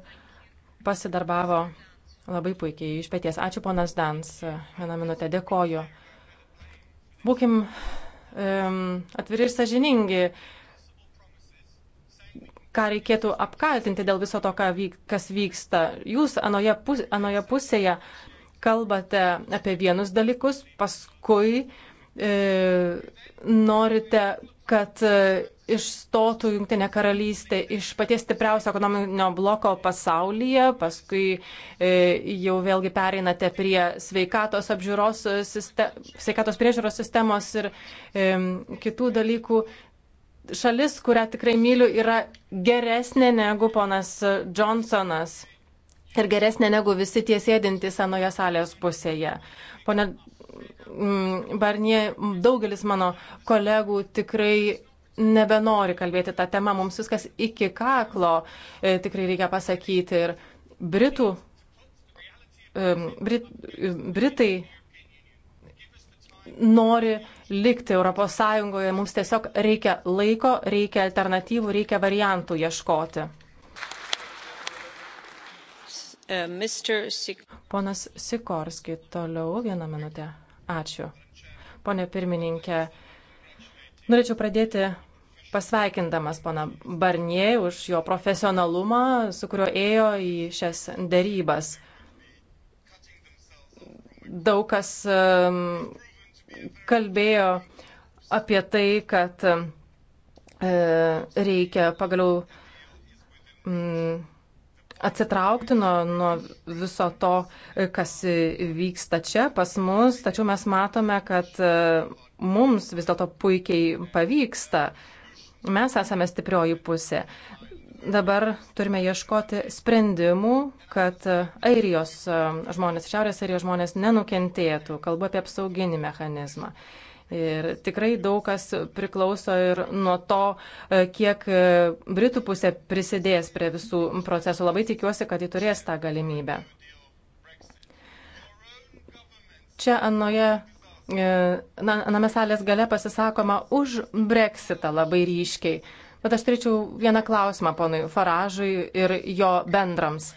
pasidarbavo Labai puikiai iš pėties. Ačiū ponas Dans. Vieną minutę dėkoju. Būkim um, atviri ir sažiningi, ką reikėtų apkaltinti dėl viso to, vyk, kas vyksta. Jūs anoje, pus, anoje pusėje kalbate apie vienus dalykus, paskui e, norite, kad išstotų Junktinė karalystė iš paties stipriausio ekonominio bloko pasaulyje, paskui e, jau vėlgi pereinate prie sveikatos apžiūros, sveikatos priežiūros sistemos ir e, kitų dalykų. Šalis, kurią tikrai myliu, yra geresnė negu ponas Johnsonas ir geresnė negu visi tie sėdintys anoje salės pusėje. Pone mm, Barnie, daugelis mano kolegų tikrai nebenori kalbėti tą temą, mums viskas iki kaklo, e, tikrai reikia pasakyti. Ir Britų, e, Brit, e, Britai nori likti ES, mums tiesiog reikia laiko, reikia alternatyvų, reikia variantų ieškoti. Ponas Sikorski, toliau vieną minutę. Ačiū. Pone pirmininkė, Norėčiau pradėti pasveikindamas pana Barnie už jo profesionalumą, su kuriuo ėjo į šias darybas. Daug kas um, kalbėjo apie tai, kad um, reikia pagaliau um, atsitraukti nuo, nuo viso to, kas vyksta čia pas mus, tačiau mes matome, kad mums vis dėlto puikiai pavyksta. Mes esame stiprioji pusė. Dabar turime ieškoti sprendimų, kad airijos žmonės, šiaurės airijos žmonės nenukentėtų. Kalbu apie apsauginį mechanizmą. Ir tikrai daug kas priklauso ir nuo to, kiek Britų pusė prisidės prie visų procesų. Labai tikiuosi, kad jį turės tą galimybę. Čia anoje E, namesalės gale pasisakoma už breksitą labai ryškiai. Bet aš turėčiau vieną klausimą ponui Faražui ir jo bendrams.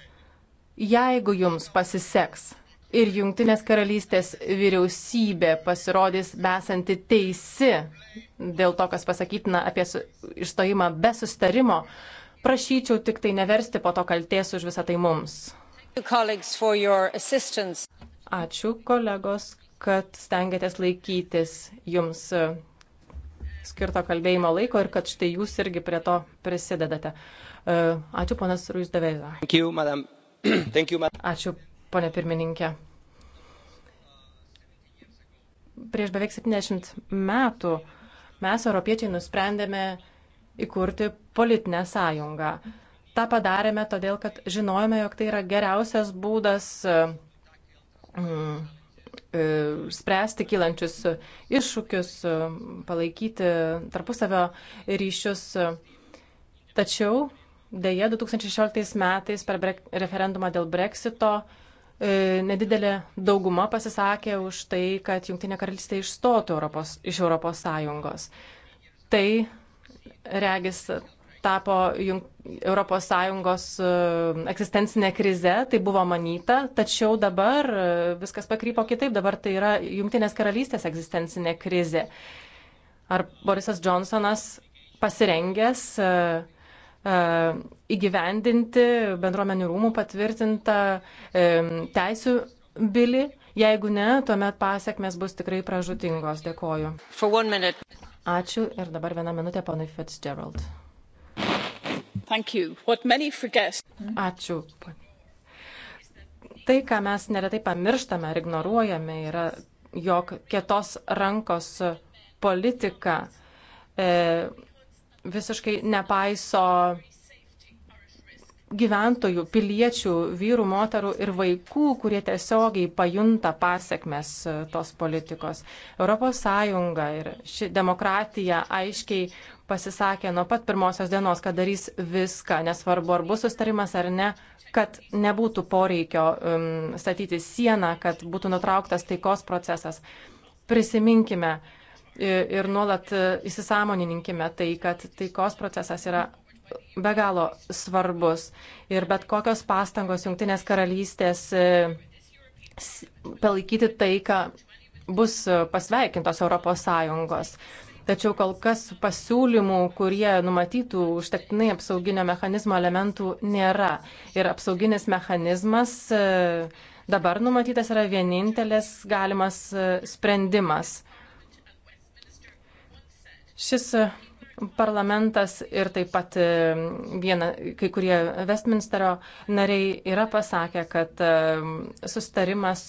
Jeigu jums pasiseks ir Junktinės karalystės vyriausybė pasirodys besanti teisi dėl to, kas pasakytina apie išstojimą be sustarimo, prašyčiau tik tai neversti po to kalties už visą tai mums. Ačiū kolegos, kad stengiatės laikytis jums e, skirto kalbėjimo laiko ir kad štai jūs irgi prie to prisidedate. E, ačiū, ponas Ruiz Deveza. Ačiū, ponė pirmininkė. Prieš beveik 70 metų mes, europiečiai, nusprendėme įkurti politinę sąjungą. Ta padarėme todėl, kad žinojome, jog tai yra geriausias būdas mm, E, spręsti kylančius iššūkius, e, palaikyti tarpusavio ryšius. Tačiau dėja 2016 metais per referendumą dėl Brexito e, nedidelė dauguma pasisakė už tai, kad Junktinė karalystė išstotų Europos, iš Europos Sąjungos. Tai regis tapo ES e, egzistencinė krize, tai buvo manyta, tačiau dabar e, viskas pakrypo kitaip, dabar tai yra Junktinės karalystės egzistencinė krizė. Ar Borisas Johnsonas pasirengęs e, įgyvendinti bendruomenių rūmų patvirtintą teisų bilį. Jeigu ne, tuomet pasiekmes bus tikrai pražutingos. Dėkoju. Ačiū ir dabar vieną minutę ponui Fitzgerald. Ačiū. Tai, ką mes neretai pamirštame ir ignoruojame, yra, jog kietos rankos politika e, visiškai nepaiso gyventojų, piliečių, vyrų, moterų ir vaikų, kurie tiesiogiai pajunta pasiekmes e, tos politikos. ES ir ši demokratija aiškiai pasisakė nuo pat pirmosios dienos, kad darys viską, nesvarbu ar bus sustarimas ar ne, kad nebūtų poreikio um, statyti sieną, kad būtų nutrauktas taikos procesas. Prisiminkime ir nuolat e, įsisamonininkime tai, kad taikos procesas yra be galo svarbus ir bet kokios pastangos Junktinės karalystės e, palaikyti taiką bus e, pasveikintos ES. Tačiau kol kas pasiūlymų, kurie numatytų užtektinai apsauginio mechanizmo elementų, nėra. Ir apsauginis mechanizmas e, dabar numatytas yra vienintelis galimas sprendimas. Šis parlamentas ir taip pat e, viena, kai kurie Westminsterio nariai yra pasakę, kad e, sustarimas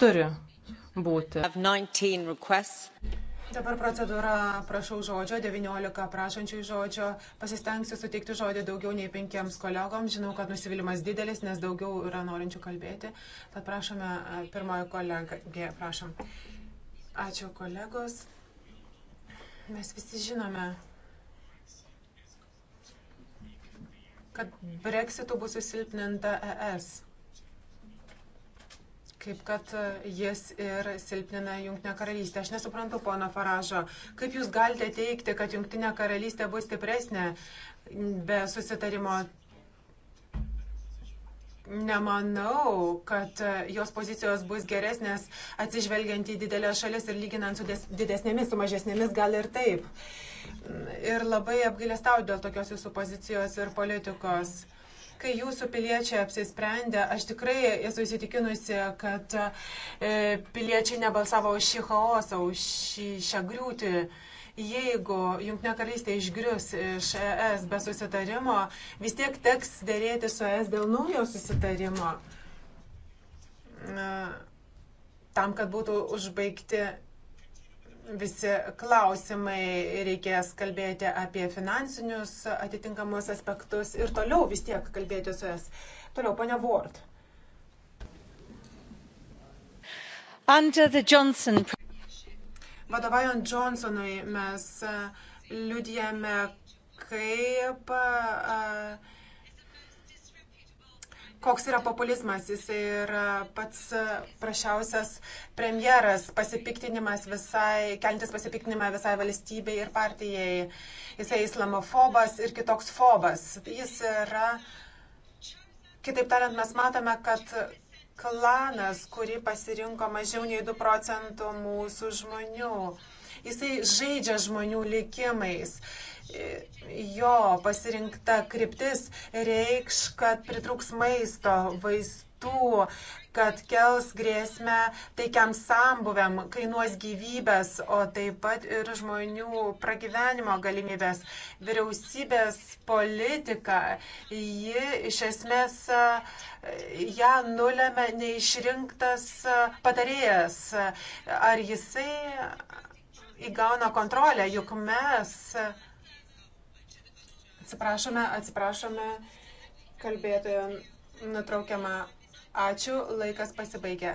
turi būti. Dabar procedūra, prašau žodžio, 19 prašančių žodžio. Pasistengsiu suteikti žodį daugiau nei penkiems kolegoms. Žinau, kad nusivylimas didelis, nes daugiau yra norinčių kalbėti. Tad prašome pirmojo kolegą. Prašom. Ačiū kolegos. Mes visi žinome, kad breksitu bus susilpninta ES, kaip kad jis ir silpnina Junktinę karalystę. Aš nesuprantu, pono Faražo, kaip jūs galite teikti, kad Junktinė karalystė bus stipresnė be susitarimo Nemanau, kad e, jos pozicijos bus geresnės atsižvelgiant į didelės šalis ir lyginant su didesnėmis, su mažesnėmis gal ir taip. Ir labai apgailestau dėl tokios jūsų pozicijos ir politikos. Kai jūsų piliečiai apsisprendė, aš tikrai esu įsitikinusi, kad e, piliečiai nebalsavo už šį chaosą, už šį, šią griūtį jeigu Junktinė karalystė išgrius iš ES be susitarimo, vis tiek teks dėrėti su ES dėl naujo susitarimo. E, tam, kad būtų užbaigti visi klausimai, reikės kalbėti apie finansinius atitinkamus aspektus ir toliau vis tiek kalbėti su ES. Toliau, ponia Ward. Under the Johnson Vadovaujant Johnsonui mes e, liudijame, kaip e, koks yra populizmas, jis yra pats prašiausias premjeras, pasipiktinimas visai, keltis pasipiktinimą visai valstybei ir partijai. Jisai islamofobas ir kitoks fobas. Jis yra, kitaip tariant, mes matome, kad klanas, kurį pasirinko mažiau nei 2 procentų mūsų žmonių. Jisai žaidžia žmonių likimais. Jo pasirinkta kryptis reikš, kad pritruks maisto, vaistų vaistų, kad kels grėsmę taikiam sambuviam, kainuos gyvybės, o taip pat ir žmonių pragyvenimo galimybės. Vyriausybės politika, ji iš esmės ją nulėmė neišrinktas patarėjas. Ar jisai įgauna kontrolę, juk mes atsiprašome, atsiprašome kalbėtojo nutraukiamą Ačiū, laikas pasibaigė.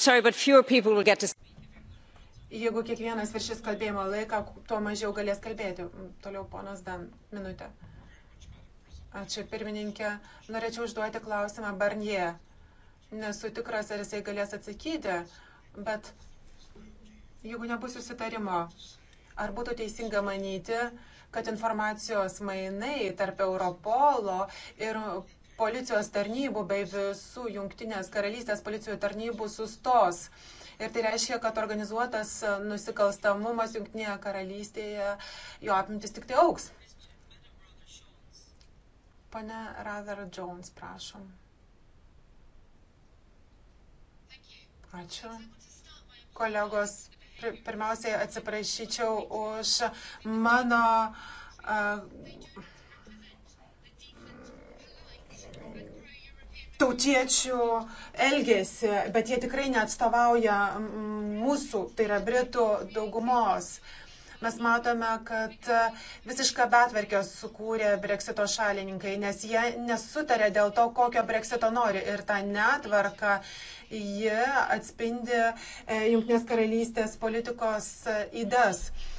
Sorry, to... Jeigu kiekvienas viršis kalbėjimo laiką, tuo mažiau galės kalbėti. Toliau ponas Dan, minutę. Ačiū pirmininkė. Norėčiau užduoti klausimą Barnie. Nesu tikras, ar jisai galės atsakyti, bet jeigu nebus susitarimo, Ar būtų teisinga manyti, kad informacijos mainai tarp Europolo ir policijos tarnybų bei visų jungtinės karalystės policijų tarnybų sustos. Ir tai reiškia, kad organizuotas nusikalstamumas jungtinėje karalystėje, jo apimtis tik tai auks. Pane Rather Jones, prašom. Ačiū. Kolegos, pirmiausiai atsiprašyčiau už mano uh, tautiečių elgesį, bet jie tikrai neatstovauja mūsų, tai yra Britų daugumos. Uh, Mes matome, kad e, visišką betvarkę sukūrė breksito šalininkai, nes jie nesutarė dėl to, kokio breksito nori. Ir tą netvarką jie atspindi e, Junktinės karalystės politikos įdas. E, uh,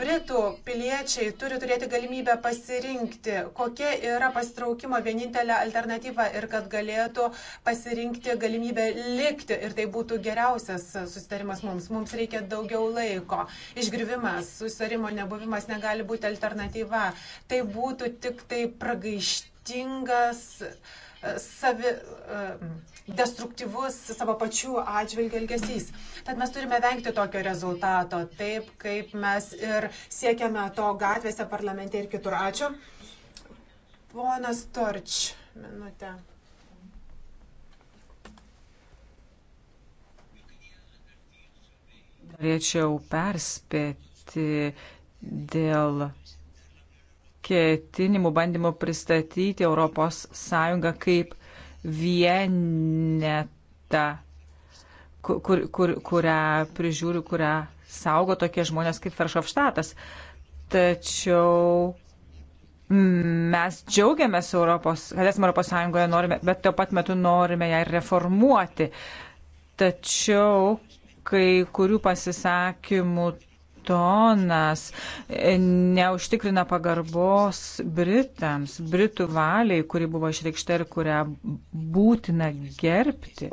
Britų piliečiai turi turėti galimybę pasirinkti, kokia yra pasitraukimo vienintelė alternatyva ir kad galėtų pasirinkti galimybę likti ir tai būtų geriausias susitarimas mums. Mums reikia daugiau laiko. Išgrivimas, susitarimo nebuvimas negali būti alternatyva. Tai būtų tik tai pragaištingas. Uh, savi, e, destruktyvus savo pačių atžvilgių elgesys. Tad mes turime vengti tokio rezultato, taip kaip mes ir siekiame to gatvėse, parlamente ir kitur. Ačiū. Ponas Torč, minutė. Norėčiau perspėti dėl ketinimų bandymų pristatyti ES kaip vienetą, kur, kur, kurią prižiūri, kurią saugo tokie žmonės kaip Feršofštatas. Tačiau mes džiaugiamės Europos, kad esame Europos Sąjungoje, norime, bet tuo pat metu norime ją ir reformuoti. Tačiau kai kurių pasisakymų tonas neužtikrina pagarbos Britams, Britų valiai, kuri buvo išreikšta ir kurią būtina gerbti.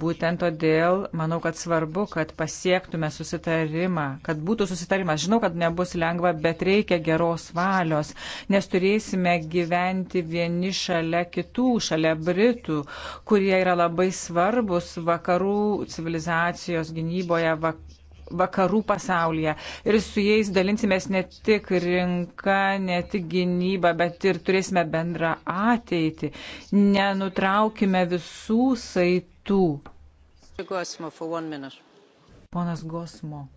Būtent todėl manau, kad svarbu, kad pasiektume susitarimą, kad būtų susitarimas. Žinau, kad nebus lengva, bet reikia geros valios, nes turėsime gyventi vieni šalia kitų, šalia Britų, kurie yra labai svarbus vakarų civilizacijos gynyboje, vakarų pasaulyje. Ir su jais dalinsimės ne tik rinka, ne tik gynyba, bet ir turėsime bendrą ateitį. Nenutraukime visų saitų. Ponas Gosmo.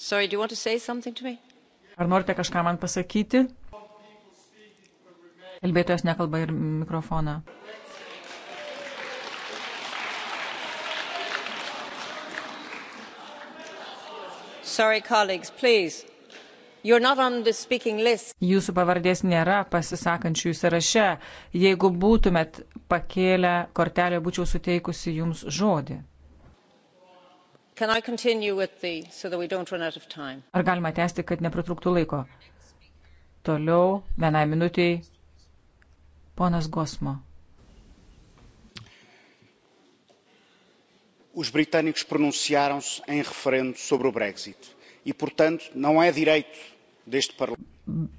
Sorry, do you want to say something to me? Ar norite kažką man pasakyti? Kalbėtojas nekalba ir mikrofoną. Sorry, colleagues, please. Jūsų pavardės nėra pasisakančiųjų sąraše. Jeigu būtumėt pakėlę kortelę, būčiau suteikusi jums žodį. The, so Ar galima tęsti, kad nepritrūktų laiko? Toliau vienai minutiai. Ponas Gosmo. os britânicos pronunciaram se em referendo sobre o brexit e portanto não é direito deste parlamento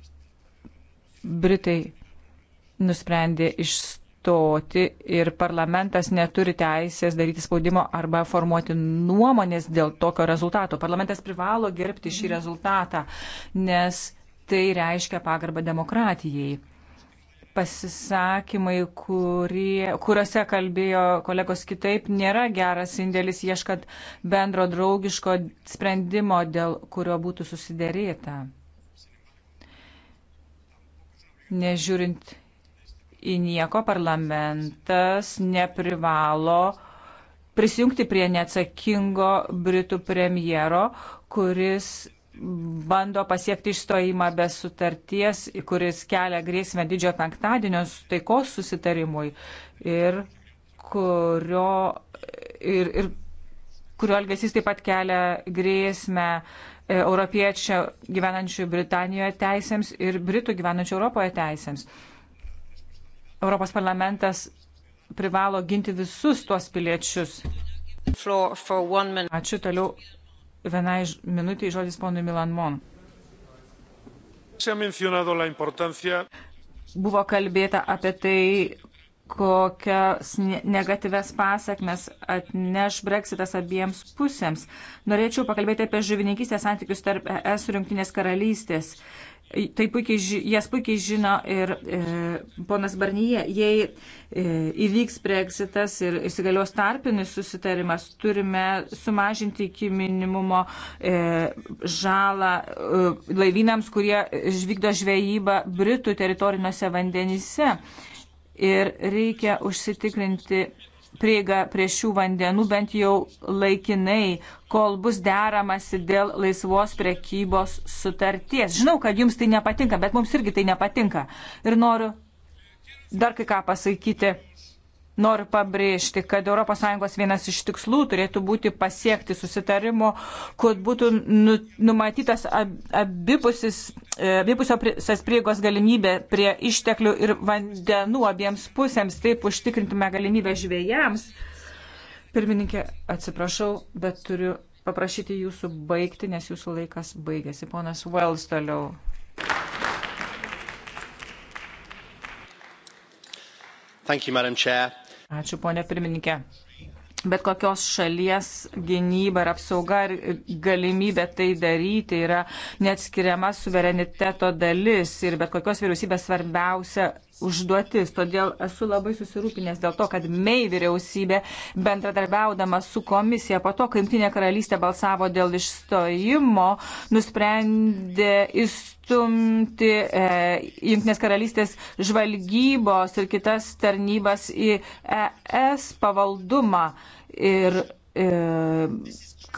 Britai nusprendė išstoti ir parlamentas neturi teisės daryti spaudimo arba formuoti nuomonės dėl tokio rezultato. Parlamentas privalo gerbti šį rezultatą, nes tai reiškia pagarbą demokratijai pasisakymai, kurie, kuriuose kalbėjo kolegos kitaip, nėra geras indėlis ieškant bendro draugiško sprendimo, dėl kurio būtų susiderėta. Nežiūrint į nieko, parlamentas neprivalo prisijungti prie neatsakingo Britų premjero, kuris bando pasiekti išstojimą be sutarties, kuris kelia grėsmę didžiojo penktadienio taikos susitarimui ir kurio, ir, ir, kurio elgesys taip pat kelia grėsmę e, europiečių gyvenančių Britanijoje teisėms ir Britų gyvenančių Europoje teisėms. Europos parlamentas privalo ginti visus tuos piliečius. Ačiū toliau vienai minutiai žodis ponui Milan Mon. Buvo kalbėta apie tai, kokias negatyves pasakmes atneš breksitas abiems pusėms. Norėčiau pakalbėti apie žuvininkystės santykius tarp ES ir Junktinės karalystės. Uh, Tai puikiai, jas puikiai žino ir e, ponas Barnyje, jei e, įvyks breksitas ir įsigalios tarpinis susitarimas, turime sumažinti iki minimumo e, žalą e, laivynams, kurie žvykdo žvejybą Britų teritoriniuose vandenyse. Ir reikia užsitikrinti prieigą prie šių vandenų bent jau laikinai, kol bus deramasi dėl laisvos prekybos sutarties. Žinau, kad jums tai nepatinka, bet mums irgi tai nepatinka. Ir noriu dar kai ką pasakyti Noriu pabrėžti, kad ES vienas iš tikslų turėtų būti pasiekti susitarimo, kad būtų nu, numatytas e, abipusios prieigos galimybė prie išteklių ir vandenų abiems pusėms, taip užtikrintume galimybę žvėjams. Pirmininkė, atsiprašau, bet turiu paprašyti jūsų baigti, nes jūsų laikas baigėsi. Ponas Wells toliau. You, Ačiū, ponė pirmininkė. Bet kokios šalies gynyba ir apsauga ir galimybė tai daryti yra neatskiriama suvereniteto dalis ir bet kokios vyriausybės svarbiausia užduotis. Todėl esu labai susirūpinęs dėl to, kad Mei vyriausybė bendradarbiaudama su komisija po to, kai Jungtinė karalystė balsavo dėl išstojimo, nusprendė įstumti e, Jungtinės karalystės žvalgybos ir kitas tarnybas į ES pavaldumą. Ir, e,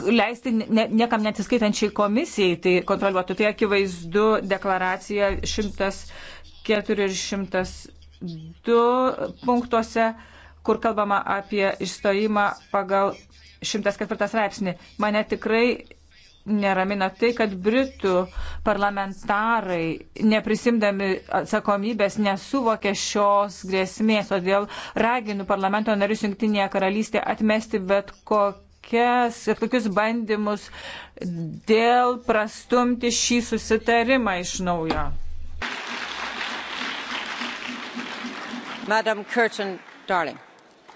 leisti ne, niekam neatsiskaitančiai komisijai tai kontroliuotų. Tai akivaizdu deklaracija 100. 402 punktuose, kur kalbama apie išstojimą pagal 104 straipsnį. Mane tikrai neramina tai, kad Britų parlamentarai, neprisimdami atsakomybės, nesuvokė šios grėsmės, todėl raginu parlamento narius Junktinėje karalystėje atmesti bet kokias ir tokius bandymus dėl prastumti šį susitarimą iš naujo.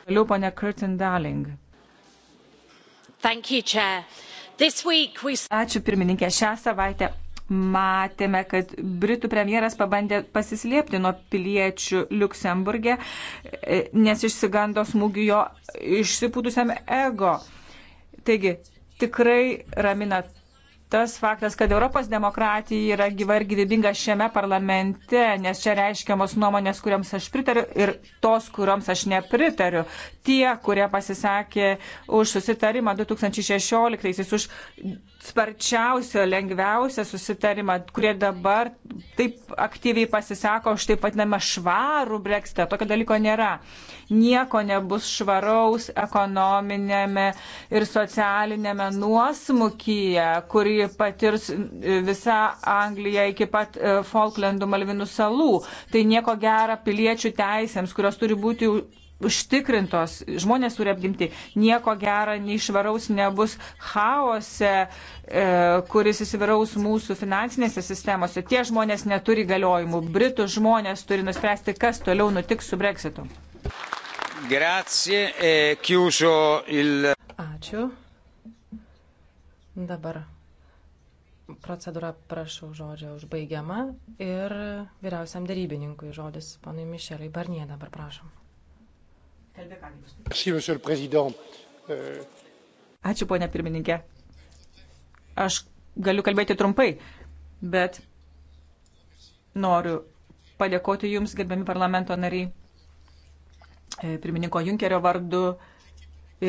Toliau ponia Curtin Darling. You, we... Ačiū pirmininkė. Šią savaitę matėme, kad Britų premjeras pabandė pasislėpti nuo piliečių Luksemburgė, e, nes išsigando smūgių jo išsipūtusiam ego. Taigi, tikrai ramina tas faktas, kad Europos demokratija yra gyva ir gyvybinga šiame parlamente, nes čia reiškiamos nuomonės, kuriams aš pritariu ir tos, kuriams aš nepritariu. Tie, kurie pasisakė už susitarimą 2016, už sparčiausią, lengviausią susitarimą, kurie dabar taip aktyviai pasisako už taip vadinamą švarų brekstą. Tokio dalyko nėra. Nieko nebus švaraus ekonominėme ir socialinėme nuosmukyje, kurį patirs visa Anglija iki pat e, Falklandų Malvinų salų. Tai nieko gera piliečių teisėms, kurios turi būti užtikrintos, žmonės turi apgimti, nieko gera, nei švaraus nebus chaose, e, kuris įsiviraus mūsų finansinėse sistemose. Tie žmonės neturi galiojimų. Britų žmonės turi nuspręsti, kas toliau nutiks su breksitu. Grazie, e, il... Ačiū. Dabar procedūra, prašau, žodžio užbaigiama ir vyriausiam darybininkui žodis, panui Mišeliai Barnie, dabar prašom. Kalbėk, ką jūs. Ačiū, ponė pirmininkė. Aš galiu kalbėti trumpai, bet noriu padėkoti Jums, gerbiami parlamento nariai, e, pirmininko Junkerio vardu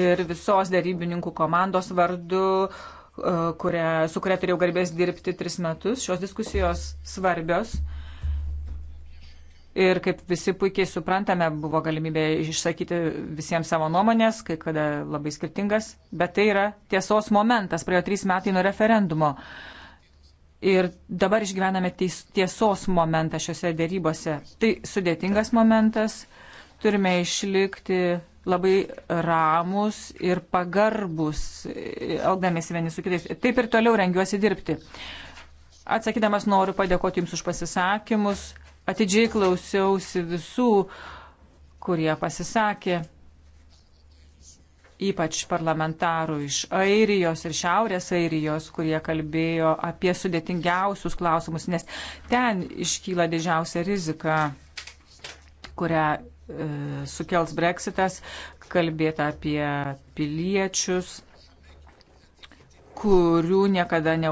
ir visos darybininkų komandos vardu, e, kuria, su kuria turėjau garbės dirbti tris metus. Šios diskusijos svarbios Ir kaip visi puikiai suprantame, buvo galimybė išsakyti visiems savo nuomonės, kai kada labai skirtingas, bet tai yra tiesos momentas, praėjo trys metai nuo referendumo. Ir dabar išgyvename tiesos momentą šiuose dėrybose. Tai sudėtingas momentas, turime išlikti labai ramus ir pagarbus, elgdamėsi vieni su kitais. Taip ir toliau rengiuosi dirbti. Atsakydamas noriu padėkoti Jums už pasisakymus atidžiai klausiausi visų, kurie pasisakė, ypač parlamentarų iš Airijos ir Šiaurės Airijos, kurie kalbėjo apie sudėtingiausius klausimus, nes ten iškyla didžiausia rizika, kurią e, sukels breksitas, kalbėta apie piliečius kurių niekada ne,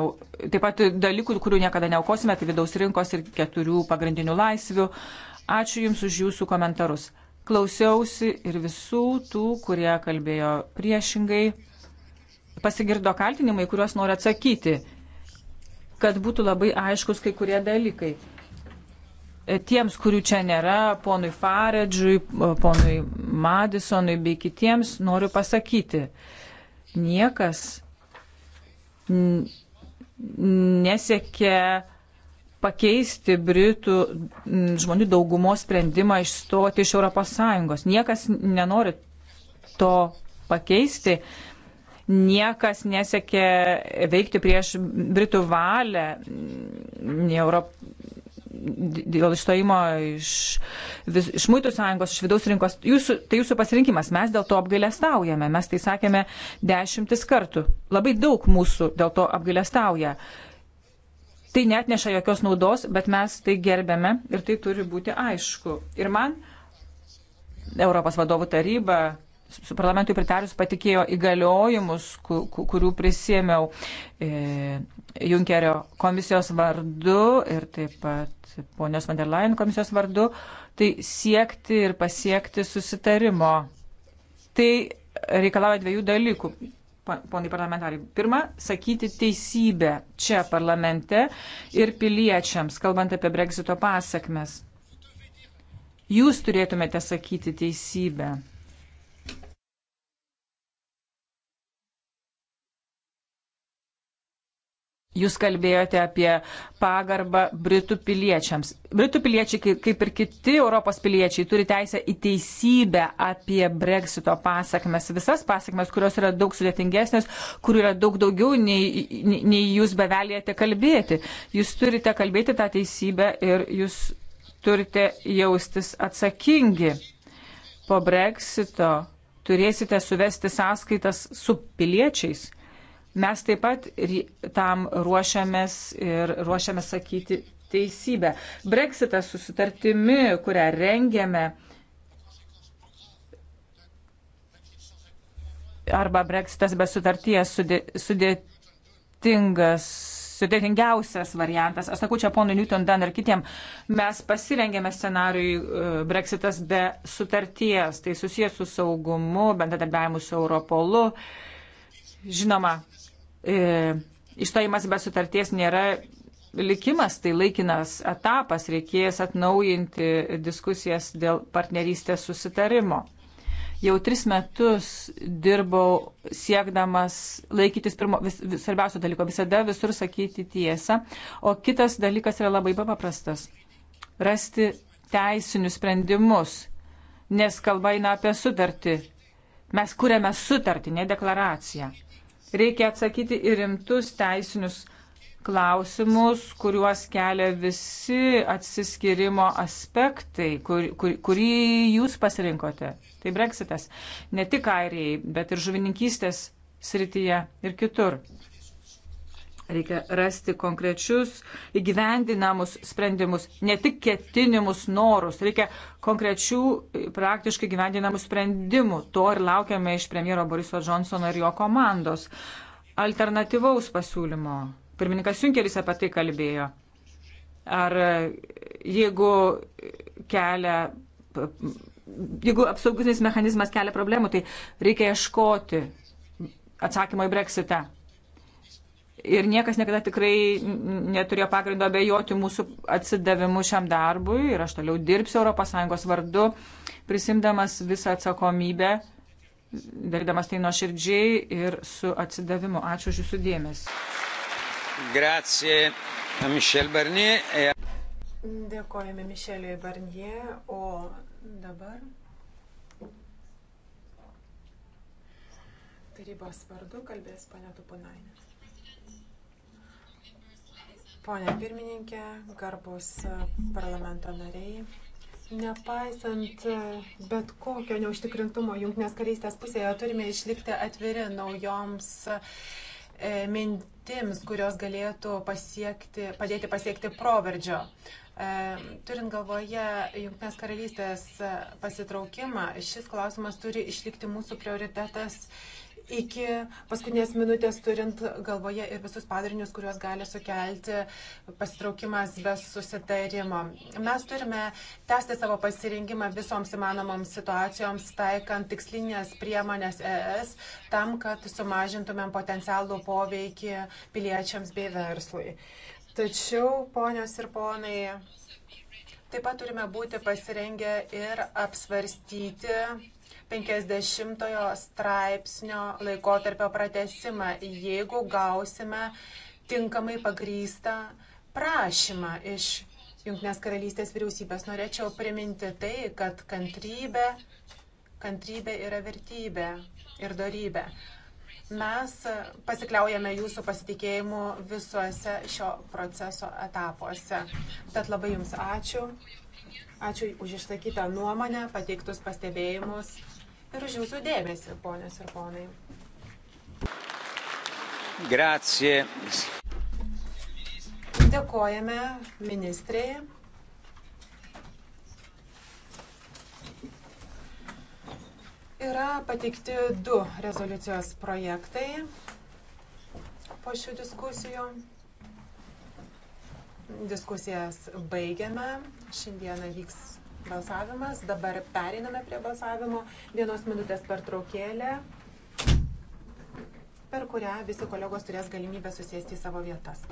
taip pat dalykų, kurių niekada neaukosime, tai vidaus rinkos ir keturių pagrindinių laisvių. Ačiū Jums už Jūsų komentarus. Klausiausi ir visų tų, kurie kalbėjo priešingai. Pasigirdo kaltinimai, kuriuos noriu atsakyti, kad būtų labai aiškus kai kurie dalykai. Tiems, kurių čia nėra, ponui Faredžiui, ponui Madisonui bei kitiems, noriu pasakyti, niekas nesiekė pakeisti Britų žmonių daugumos sprendimą išstoti iš ES. Niekas nenori to pakeisti, niekas nesiekė veikti prieš Britų valią, nei, Europ dėl išstojimo iš, vis, iš Mūtų sąjungos, iš vidaus rinkos, jūsų, tai jūsų pasirinkimas. Mes dėl to apgailestaujame. Mes tai sakėme dešimtis kartų. Labai daug mūsų dėl to apgailestauja. Tai net neša jokios naudos, bet mes tai gerbėme ir tai turi būti aišku. Ir man Europos vadovų taryba su parlamentui pritarius patikėjo įgaliojimus, kurių prisėmiau. E, Junkerio komisijos vardu ir taip pat ponios van der Leyen komisijos vardu, tai siekti ir pasiekti susitarimo. Tai reikalauja dviejų dalykų, ponai parlamentarai. Pirma, sakyti teisybę čia parlamente ir piliečiams, kalbant apie Brexito pasakmes. Jūs turėtumėte sakyti teisybę. Jūs kalbėjote apie pagarbą Britų piliečiams. Britų piliečiai, kaip ir kiti Europos piliečiai, turi teisę į teisybę apie breksito pasakmes. Visas pasakmes, kurios yra daug sudėtingesnės, kurių yra daug daugiau, nei, nei jūs bevelėte kalbėti. Jūs turite kalbėti tą teisybę ir jūs turite jaustis atsakingi. Po breksito turėsite suvesti sąskaitas su piliečiais Mes taip pat tam ruošiamės ir ruošiamės sakyti teisybę. Brexitas susitartimi, kurią rengėme, arba breksitas be sutarties sudė, sudėtingas, sudėtingiausias variantas. Aš sakau čia ponui Newton Dan ir kitiem, mes pasirengėme scenariui e, breksitas be sutarties. Tai susijęs su saugumu, bendradarbiavimu su Europolu. Žinoma, e, išstojimas be sutarties nėra likimas, tai laikinas etapas, reikės atnaujinti diskusijas dėl partnerystės susitarimo. Jau tris metus dirbau siekdamas laikytis pirmo, vis, vis, svarbiausio dalyko, visada visur sakyti tiesą, o kitas dalykas yra labai paprastas - rasti teisinius sprendimus, nes kalba eina apie sutartį. Mes kūrėme sutartį, ne deklaraciją. Reikia atsakyti ir rimtus teisinius klausimus, kuriuos kelia visi atsiskirimo aspektai, kur, kur, kurį jūs pasirinkote. Tai breksitas. Ne tik airijai, bet ir žuvininkystės srityje ir kitur. Reikia rasti konkrečius įgyvendinamus sprendimus, ne tik ketinimus norus, reikia konkrečių praktiškai gyvendinamų sprendimų. To ir laukiame iš premjero Boriso Johnsono ir jo komandos. Alternatyvaus pasiūlymo. Pirmininkas Junkeris apie tai kalbėjo. Ar jeigu kelia jeigu apsauginis mechanizmas kelia problemų, tai reikia ieškoti atsakymo į breksitą ir niekas niekada tikrai neturėjo pagrindo abejoti mūsų atsidavimu šiam darbui ir aš toliau dirbsiu ES vardu, prisimdamas visą atsakomybę, darydamas tai nuo širdžiai ir su atsidavimu. Ačiū už Jūsų dėmesį. Grazie, Michel Barnier. Dėkojame Mišeliui Barnier, o dabar tarybos vardu kalbės panėtų Punainė. Pone pirmininkė, garbus e, parlamento nariai, nepaisant e, bet kokio neužtikrintumo jungtinės karystės pusėje turime išlikti atviri naujoms e, mintims, kurios galėtų pasiekti, padėti pasiekti proveržio. Turint galvoje Junktinės karalystės pasitraukimą, šis klausimas turi išlikti mūsų prioritetas iki paskutinės minutės turint galvoje ir visus padarinius, kuriuos gali sukelti pasitraukimas be susitarimo. Mes turime tęsti savo pasirinkimą visoms įmanomoms situacijoms, taikant tikslinės priemonės ES tam, kad sumažintumėm potencialų poveikį piliečiams bei verslui. Tačiau, ponios ir ponai, taip pat turime būti pasirengę ir apsvarstyti 50 straipsnio laikotarpio pratesimą, jeigu gausime tinkamai pagrystą prašymą iš Junktinės karalystės vyriausybės. Norėčiau priminti tai, kad kantrybė, kantrybė yra vertybė ir darybė. Mes pasikliaujame jūsų pasitikėjimu visuose šio proceso etapuose. Tad labai Jums ačiū. Ačiū už išsakytą nuomonę, pateiktus pastebėjimus ir už jūsų dėmesį, ponios ir ponai. Grazie. Dėkojame ministrėje. Yra pateikti du rezoliucijos projektai po šių diskusijų. Diskusijas baigiame. Šiandieną vyks balsavimas. Dabar periname prie balsavimo. Vienos minutės per traukėlę, per kurią visi kolegos turės galimybę susėsti į savo vietas.